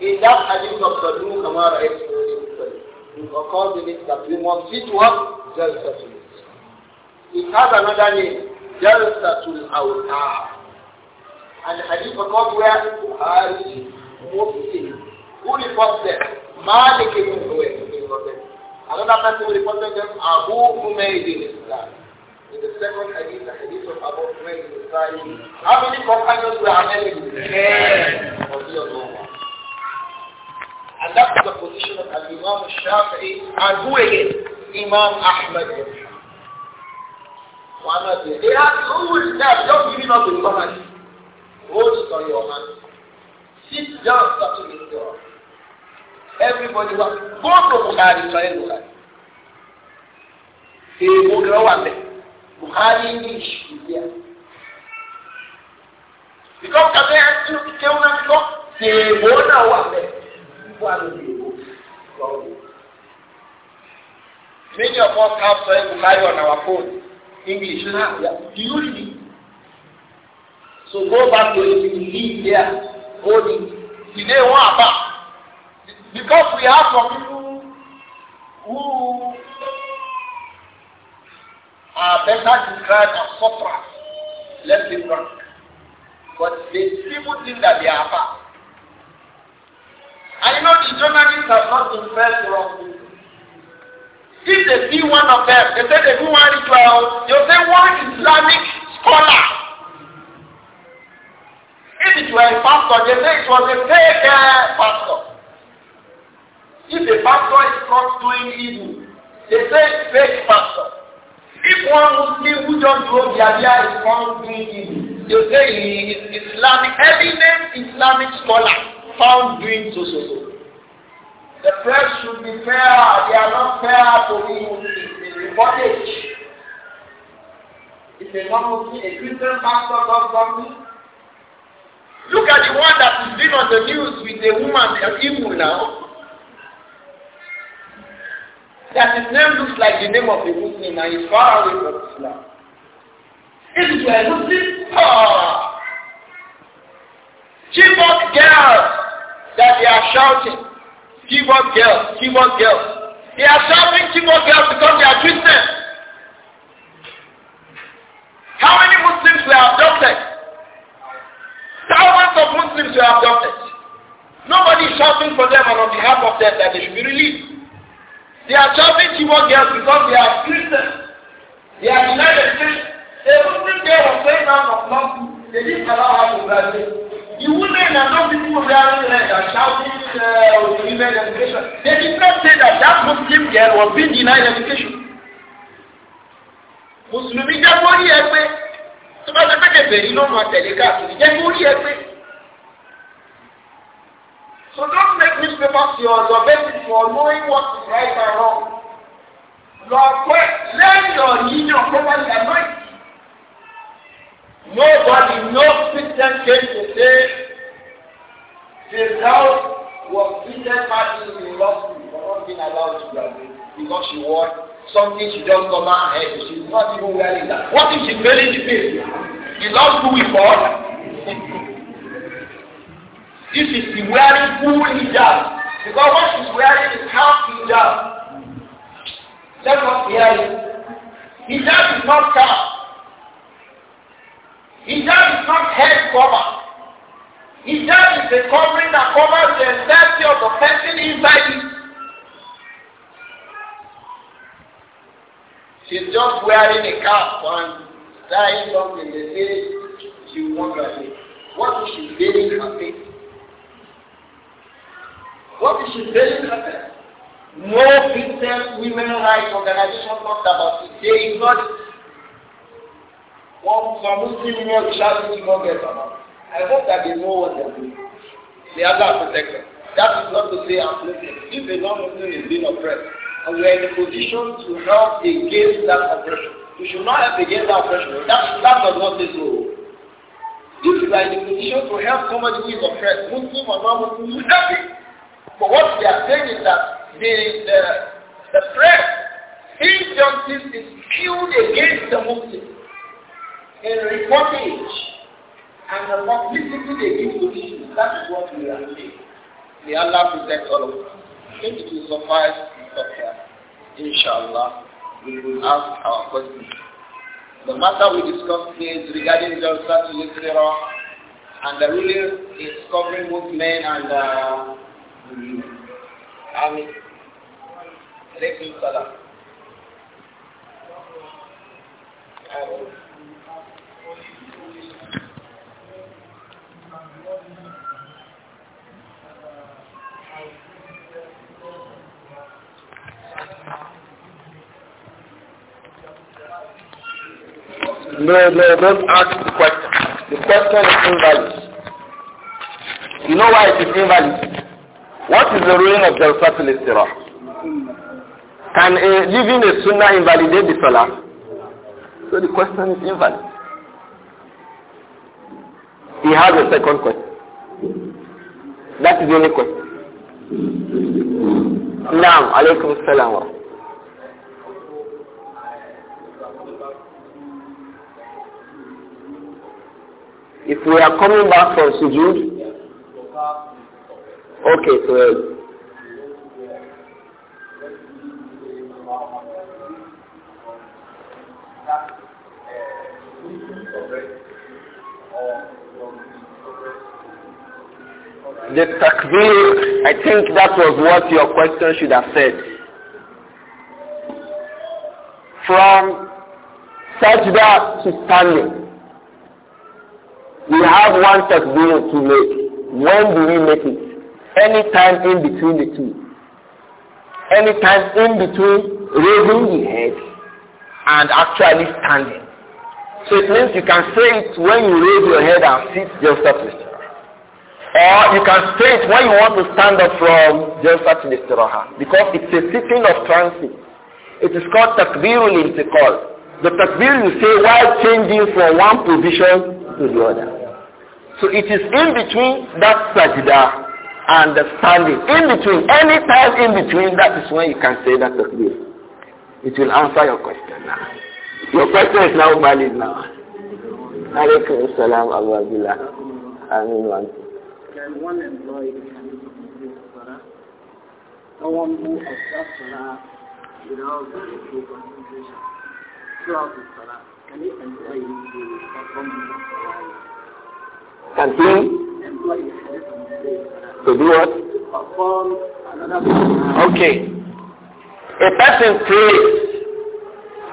[SPEAKER 2] In that hadith of sallu kama we occurs in it that we must sit what? Jalsatul. It has another name, Jalsatul Awtar. And hadith occurs where Bukhari, Muslim, who reports them? Malik ibn Huwayb. Another person who reported them, Abu Umayyad in Islam in the second hadith, the hadith of Abu Hurairah in the Sahih, how many companions were amazing? Ten. And that's the position of Al-Imam Shafi'i and who again? Imam Ahmad bin Muhammad bin They had always that, don't give it up in your Hold it on your hand. Sit down, start to get your Everybody was, go to Bukhari, Sahih Bukhari. Èèmù ni wọ́n wà bẹ́ẹ̀. Buhari ní ìṣòwò bìkọ́ kàbẹ́ ẹnu kéwọ́n náà bìkọ́ tèèwó náà wà bẹ́ẹ̀ níbo àlọ́ tèèwó lọ́wọ́. Many of us
[SPEAKER 1] have uh, Buhari on
[SPEAKER 2] our phone English now. Yeah. Do you So go back to it, you there, hold it. Today, one about. Because we have some
[SPEAKER 1] people who
[SPEAKER 2] are better described as sufferers, left in wrong. But they people think that they are bad. I know the journalists have not been pressed wrong. If they see one of them, they say they do one ritual, they say one Islamic scholar. If it were a pastor, they say it was a fake uh, pastor. If the pastor is not doing evil, they say fake pastor. If one Muslim who just wrote the idea is found doing evil, they say he is Islamic, eminent Islamic scholar found doing so so so. The press should be fair. They are not fair to me. It's reportage. It's a non-Muslim, a Christian pastor does something. Look at the one that is been on the news with the woman in Imu now that his name looks like the name of a Muslim and he's far away from Islam. If you are Muslim, oh,
[SPEAKER 1] ah,
[SPEAKER 2] keyboard girls that they are shouting, keyboard girls, keyboard girls. They are shouting keyboard girls because they are Christians. How many Muslims were abducted? Thousands of Muslims were abducted. Nobody is shouting for them and on behalf of them that they should be released. They are chopping Chibok girls because they are Christians. They are United States. They don't think they were saying out of love. They didn't allow her to graduate. You wouldn't have known people who are like are shouting uh, women education. They did not say that that Muslim girl was being denied education. Mùsùlùmí jẹ́ kó rí ẹgbẹ́ tó bá ṣe pé kẹfẹ́ yìí ló máa tẹ̀lé káàkiri jẹ́ kó rí ẹgbẹ́. So don't make newspapers yours your basis for knowing what is right and wrong. Your learn your union properly and not Nobody, no Christian came to say the doubt was treated badly in law school for not being allowed to graduate because she was, something she just come out ahead. and she's not even wearing that. What if she failing the face? The law school we fall. if she is wearing full hijab because what she's wearing is half hijab let us hear it hijab is not cap hijab is not head cover hijab is the covering that covers the entirety of the person inside it. She's just wearing a cap and dying long in the day she wonders. What is she bathing her face? What we should really happen? No Christian women rights organization talked about it. They ignored it. One some Muslim women shouting to God about I hope that they know what they're doing. They are not protected. That is not to say I'm protected. If a non-Muslim is being oppressed, and we are in a position to help against that oppression, we should not help against that oppression. That, that does not say so. If you are in a position to help somebody who is oppressed, Muslim or non-Muslim, you help him. But what they are saying is that the, the, the press injustice is skewed against the Muslims in reportage and the publicity they give to issues. That is what we are saying. May Allah protect all of us. Think it will suffice and stop here. Inshallah, we will ask our questions. The matter we discussed is regarding the to and the ruling is covering both men and uh, Amin. Alaykum salam. No, no, don't ask the question. The question is invalid. You know why it is invalid? What is the ruling of Jalsatul Istirah? Can a, leaving a sunnah invalidate the salah? So the question is invalid. He has a second question. That is the only question. Naam, alaykum salam If we are coming back from sujood, Okay, so uh,
[SPEAKER 1] the takbir, I think that was what your question should
[SPEAKER 2] have said. From sajda to standing,
[SPEAKER 1] we have one
[SPEAKER 2] takbir to make. When do we make it? any time in between the two. Any time in between raising the head and actually standing. So it means you can say it when you raise your head and sit just up to Or you can say it when you want to stand up from Jalsa to Istiraha. Because it's a sitting of transit. It is called takbirul intiqal. The takbir you say while changing from one position to the other. So it is in between that sajda understanding. In between, any time in between, that is when you can say that takbir. It will answer your question now. Your question is now valid now. Alaykum salam Abu Abdullah. Amin
[SPEAKER 1] Can one employee one who observes Salah without full concentration throughout the Salah, can he employ the performance of Salah? Can he? Employ the to do what?
[SPEAKER 2] Okay. A person prays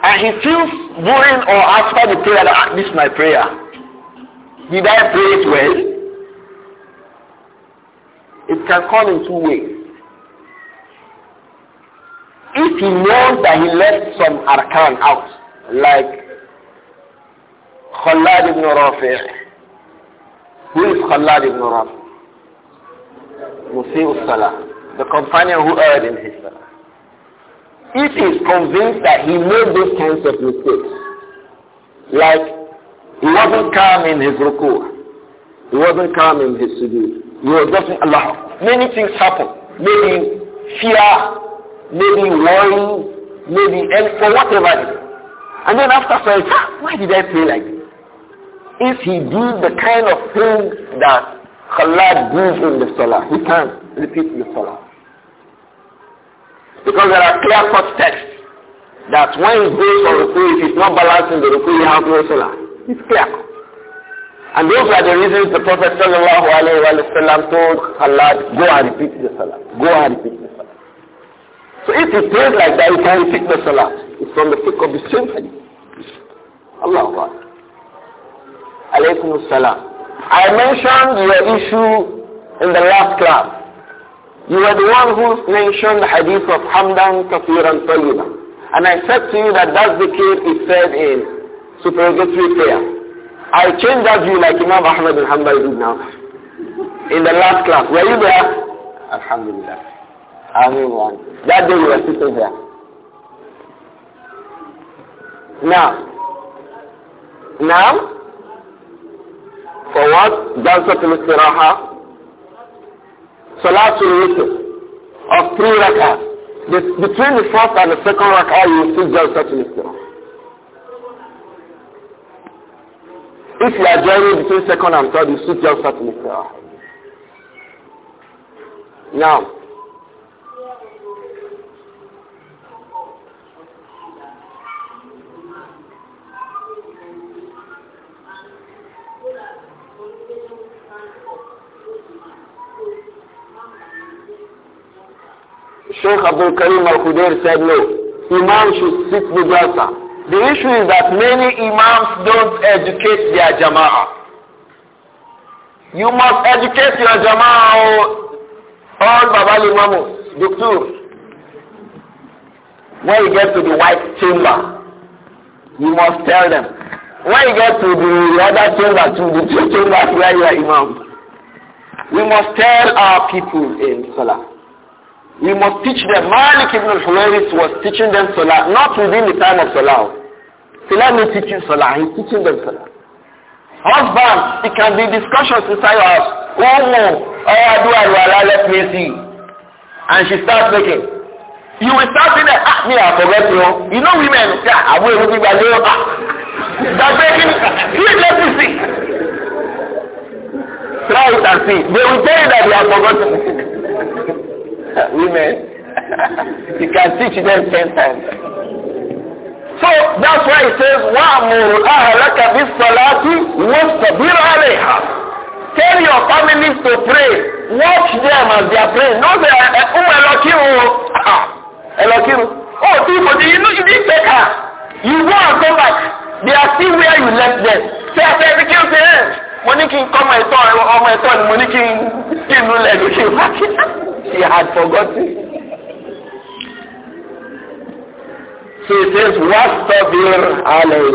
[SPEAKER 2] and he feels during or after the prayer that ah, this is my prayer. Did I pray it well? It can come in two ways. If he knows that he left some arkan out, like Khalad ibn Rafi, who is Khalad ibn Rafi? Musi'us Salah, the companion who erred in his Salah. It is convinced that he made those kinds of mistakes. Like, he wasn't calm in his ruku'. He wasn't calm in his sujood. He was just in Allah. Many things happen. Maybe fear, maybe worry, maybe and for whatever And then after saying, ah, why did I pray like this? If he did the kind of things that Khalad did in the Salah. He can't repeat the Salah. Because there are clear-cut texts that when he goes for Ruku, if he's not balancing the Ruku, he has no Salah. It's clear. And those are the reasons the Prophet sallallahu alayhi wa sallam told Khalad, go and repeat the Salah. Go and repeat the Salah. So if he prays like that, he can repeat the Salah. It's from the book of the same Allah Allah Allah. Alaykum as-salam. I mentioned your issue in the last class. You were the one who mentioned the hadith of Hamdan, Kafir and Taliban. And I said to you that that's the case It said in supererogatory prayer. I changed that view like Imam Ahmad bin Hanbal did now. In the last class. Were you there? Alhamdulillah. I mean one. That day you were sitting there. Now, now, for what? Dansatul Istiraha. Salatul Witr of three rakah. Between the first and the second rakah, you see Dansatul Istiraha. If you are joining between second and third, you sit down. see Dansatul Istiraha. Now,
[SPEAKER 1] Sheikh Abdul Karim
[SPEAKER 2] Al-Khudair said no. Imam should sit with Jalsa. The issue is that many imams don't educate their jama'ah. You must educate your jama'ah oh, all babali Limamu, Doctor. When you get to the white chamber, you must tell them. When you get to the other chamber, to the two chambers where you are imam, we must tell our people in Salah. We must teach them. Malik ibn al-Humayris was teaching them Salah, not within the time of Salah. Salah no teaching Salah. He's teaching them Salah. Husband, it can be discussions inside your house. Omo, oh, do alwala, let me see. And she starts making. You will start in there, ah, me, I forgot you. You know women, yeah, I will be by you, ah. That's making, please let me
[SPEAKER 1] see. Try it and see. They will tell you that you have forgotten.
[SPEAKER 2] women. you can teach them ten times. So that's why it says, وَأْمُرْ أَهْلَكَ بِالصَّلَاةِ وَاسْتَبِرْ عَلَيْهَا Tell your families to pray. Watch them as they pray. No, they are, oh, Elokiru. Oh, people, you know you didn't take her. You go and come back. They are still where you left them. Say, I said, we can't say, mo ní kí n kọ́ ọmọ ẹ̀tọ́ ọmọ ẹ̀tọ́ ni mo ní kí n kí n lulẹ̀ lókè wá kí she had forgotten.
[SPEAKER 1] she says what's the bill alẹ́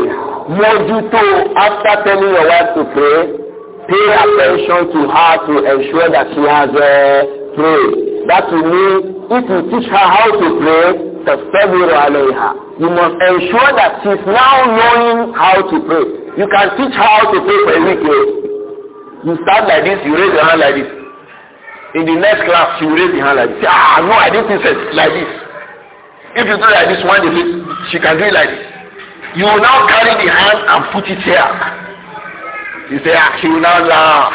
[SPEAKER 1] mójútó after telling your wife to pray
[SPEAKER 2] pay attention to her to ensure that she has uh, prayed that will mean if you teach her how to pray تَسْتَبِرُ عَلَيْهَا You must ensure that she's now knowing how to pray. You can teach her how to pray for a week. Eh? You start like this, you raise your hand like this. In the next class, she will raise the hand like this. Say, ah, no, I didn't think so. Like this. If you do like this one day, she can do it like this. You will now carry the hand and put it here. You say, ah, she will now laugh.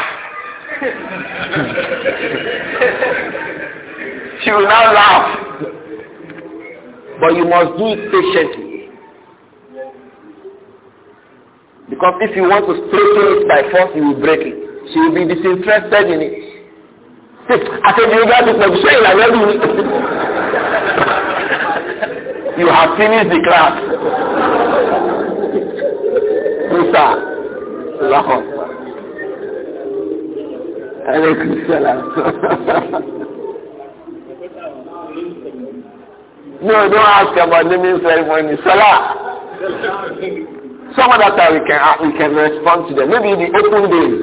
[SPEAKER 2] she will now laugh. But you must do it patiently. Because if you want to straighten it by force, you will break it. So you will be disinterested in it. I ti pẹ̀lú ṣé ìlànà bí mi.
[SPEAKER 1] You have finished the class. Musa Lahore. Aleykum salaam. No, don't ask about naming ceremony. Salah.
[SPEAKER 2] Some other time we can we can respond to them. Maybe the open days.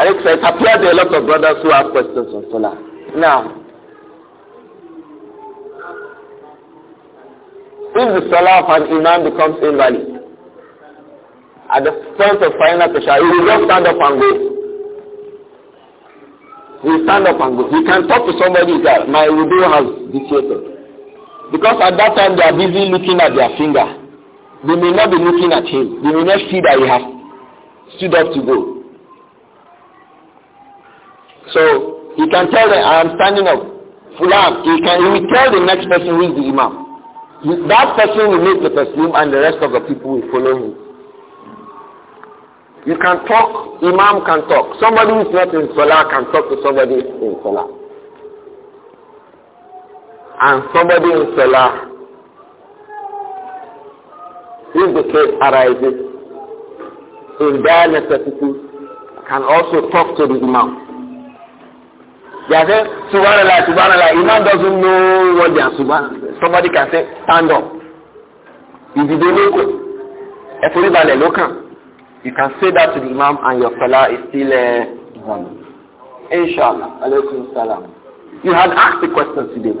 [SPEAKER 2] I expect appear there are a lot of brothers who have questions on Salah. Now, if the Salah of an Imam becomes invalid, at the front of final pressure, he will just stand up and go. He will stand up and go. He can talk to somebody that my widow has deteriorated. Because at that time they are busy looking at their finger. They may not be looking at him. They may not see that he has stood up to go. So he can tell them, I am standing up. Fulan, he, can, he will tell the next person who is the imam. That person will make the person and the rest of the people will follow him. You can talk, imam can talk. Somebody who is not in Salah can talk to somebody in Salah. and somebody in Salah, if the case arises, in dire necessity, can also talk to the Imam. They are saying, Subhanallah, Subhanallah, Imam doesn't know what they are Subhanallah. Somebody can say, stand up. Ìdìde lóko, ẹ̀fọ́rí balẹ̀ ló kàn. You can say that to the Imam and your Salah is still uh, Inshallah. Alaykum salam. You had asked the question today.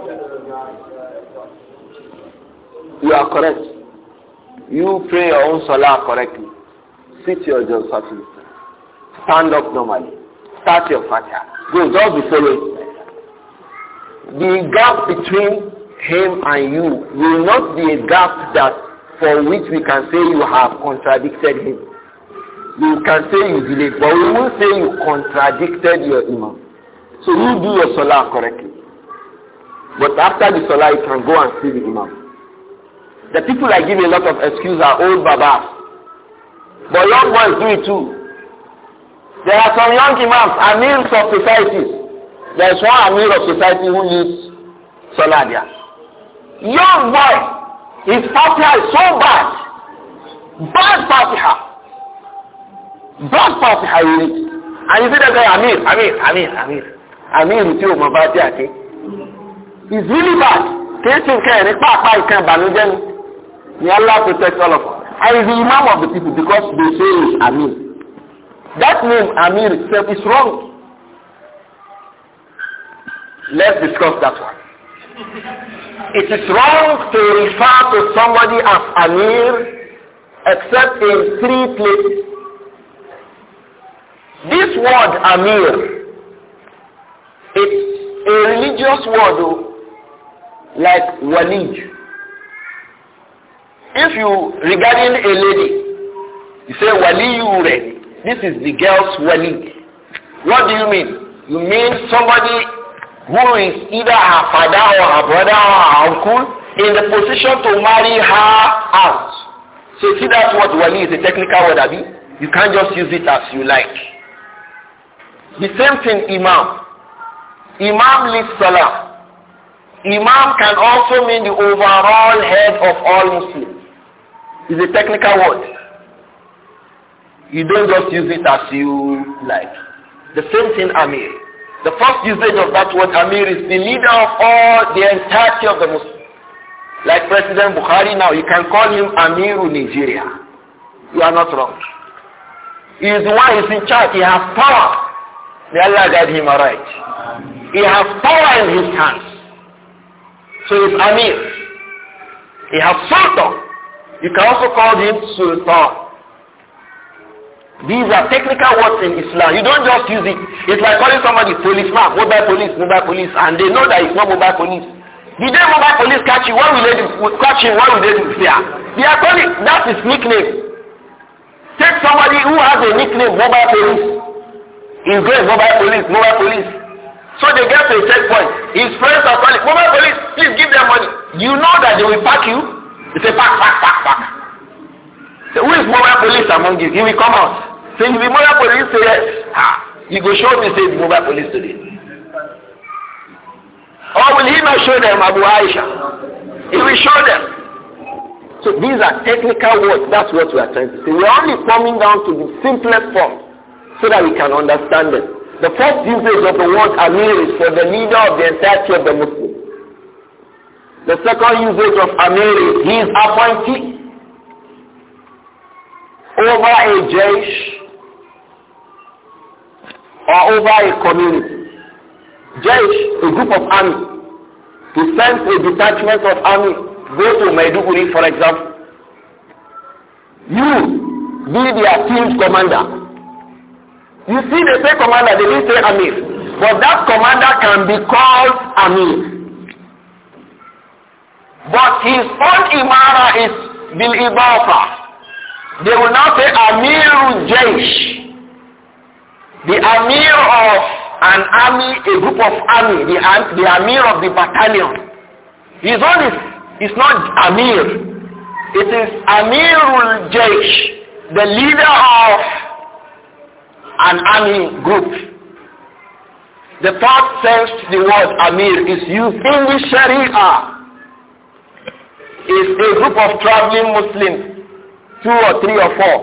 [SPEAKER 2] You are correct. You pray your own salah correctly. Sit your Jalsatul. Stand up normally. Start your Fatiha. Go, just be following. The gap between him and you will not be a gap that for which we can say you have contradicted him. We can say you delayed, but we won't say you contradicted your imam. So you do your salah correctly. But after the salah, you can go and see the imam. The people I give a lot of excuse are old baba, But young boys do it too. There are some young imams, amirs of societies. There is one amir of society who needs Soladia. Young boy, his fatiha is so bad. Bad fatiha. Bad fatiha you read. And you see that guy, amir, amir, amir, amir. Amir tí o mọ̀ bá tí a ké. really bad. Kì í ṣe nǹkan ẹ̀rí pàápàá ìkan ìbànújẹ́ ni. May Allah protect all of us. I am the imam of the people because they say Amir. That name Amir itself is wrong. Let's discuss that one. It is wrong to refer to somebody as Amir except in three places. This word Amir, it's a religious word oh, like Walid if you regarding a lady you say you re this is the girl's wali what do you mean you mean somebody who is either her father or her brother or her uncle in the position to marry her out so see that's what wali is a technical word abi you can't just use it as you like the same thing imam imam leads salah Imam can also mean the overall head of all Muslims is a technical word. You don't just use it as you like. The same thing Amir. The first usage of that word Amir is the leader of all the entirety of the Muslims. Like President Buhari now, you can call him Amiru Nigeria. You are not wrong. He is the one who is in charge. He has power. May Allah guide him aright. He has power in his hands. So he's Amir. He has sultan. You can also call him sultan. These are technical words in Islam. You don't just use it. It's like calling somebody policeman, mobile police, mobile police, and they know that it's not mobile police. The day mobile police catch you, what will they do? Catch you? what will they do? They are calling that is nickname. Take somebody who has a nickname, mobile police. He's going mobile police, mobile police. So they get to a checkpoint. His friends are calling, mobile police, please give them money. You know that they will pack you. He said, back, back, back, pack." He said, who is mobile police among you? He will come out. Say, you be mobile police? Say, yes. Ha. He go show me, say, mobile police today. Or will he not show them Abu Aisha? He will show them. So these are technical words. That's what we are trying to say. We are only coming down to the simplest form so that we can understand it. The first usage of the word Amir is for the leader of the entirety of the the second usage of Amir is his appointee over a Jewish or over a community. Jewish, a group of army, to send a detachment of army, go to Maiduguri for example. You be their team's commander. You see they say commander, they didn't say Amir. But that commander can be called Amir. But his own imara is bil ibafa. They will not say Amirul Jaish. The Amir of an army, a group of army, the, the Amir of the battalion. His own is, is not Amir. It is Amirul Jaish, the leader of an army group. The third sense the word Amir is used in the Sharia. is a group of traveling Muslims, two or three or four.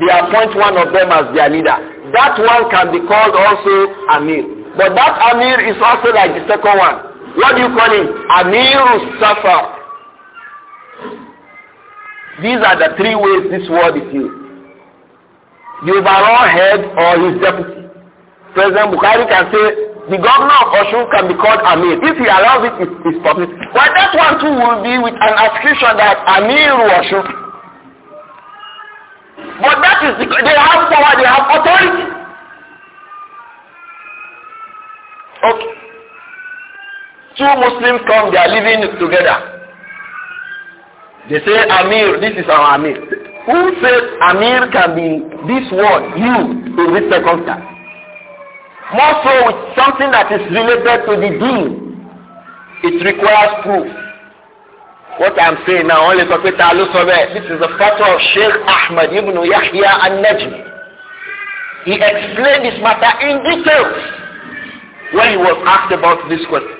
[SPEAKER 2] They appoint one of them as their leader. That one can be called also Amir. But that Amir is also like the second one. What do you call him? Amir Safar. These are the three ways this word is used. The overall head or his deputy. President Buhari can say, The governor of Oshun can be called Amir. If he allows it, it's, it's public. Well, that one too will be with an ascription that Amir Oshun. But that is, because they have power, they have authority. Okay. Two Muslims come, they are living together. They say Amir, this is our Amir. Who says Amir can be this word, you, in this circumstance? More so with something that is related to the deen. It requires proof. What I'm saying now, only Prophet Alu this is a father of Sheikh Ahmad ibn Yahya al-Najmi. He explained this matter in details when he was asked about this question.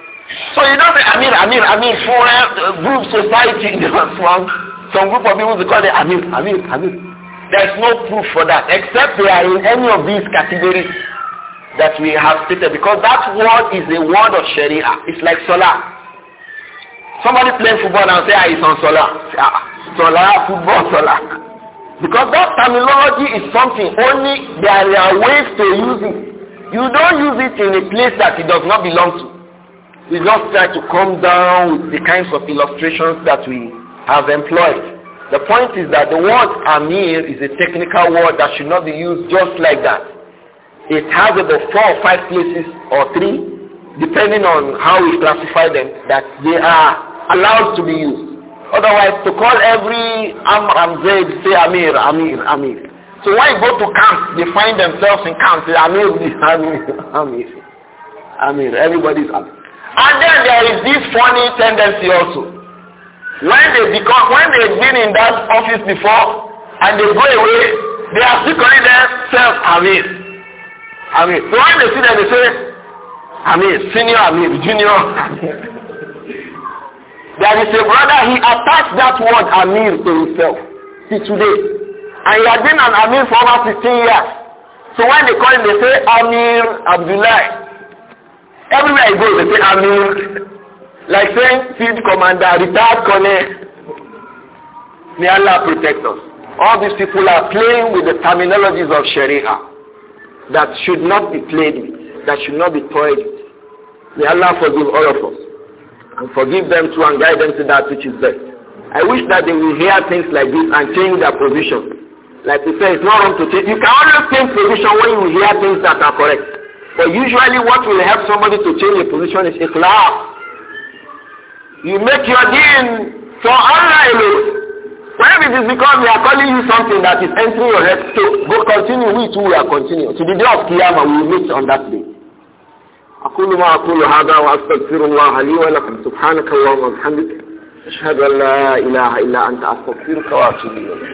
[SPEAKER 2] So you know,
[SPEAKER 1] I mean, I mean,
[SPEAKER 2] for a group society, the know, some group of people they call it I mean, I There's no proof for that, except they are in any of these categories that we have stated because that word is a word of Sharia. It's like Salah. Somebody playing football and say, ah, it's on Salah. Ah, Salah, football, Salah. Because that terminology is something, only there are ways to use it. You don't use it in a place that it does not belong to. We just try to come down with the kinds of illustrations that we have employed. The point is that the word Amir is a technical word that should not be used just like that. It has about four or five places or three, depending on how we classify them, that they are allowed to be used. Otherwise, to call every Amr and Zaid, say Amir, Amir, Amir. So when you go to camp, they find themselves in camp, say Amir, Amir, Amir. Amir, everybody's Amir. And then there is this funny tendency also when they become when they've been in that office before and they go away they are still calling themselves amir I mean, when they see them, they say, I mean, senior, I mean, junior. there is a brother, he attached that word Amir to himself. See, today. And he had been an Amir for over 15 years. So when they call him, they say, Amir Abdullah. Everywhere he goes, they say Amir. Like saying field commander, retired colonel. May Allah protect us. All these people are playing with the terminologies of Sharia that should not be played with, that should not be toyed with. May Allah forgive all of us and forgive them too and guide them to that which is best. I wish that they will hear things like this and change their position. Like we say, it's not wrong to change. You can always change position when you hear things that are correct. But usually what will help somebody to change a position is ikhlas. You make your deen for Allah alone. When it is because we are calling you something that is entering your head, so go continue, we too will continue. To the day of Qiyamah, we will meet on that day. أقول ما أقول هذا وأستغفر الله لي ولكم سبحانك اللهم وبحمدك أشهد أن لا إله إلا أنت أستغفرك وأتوب إليك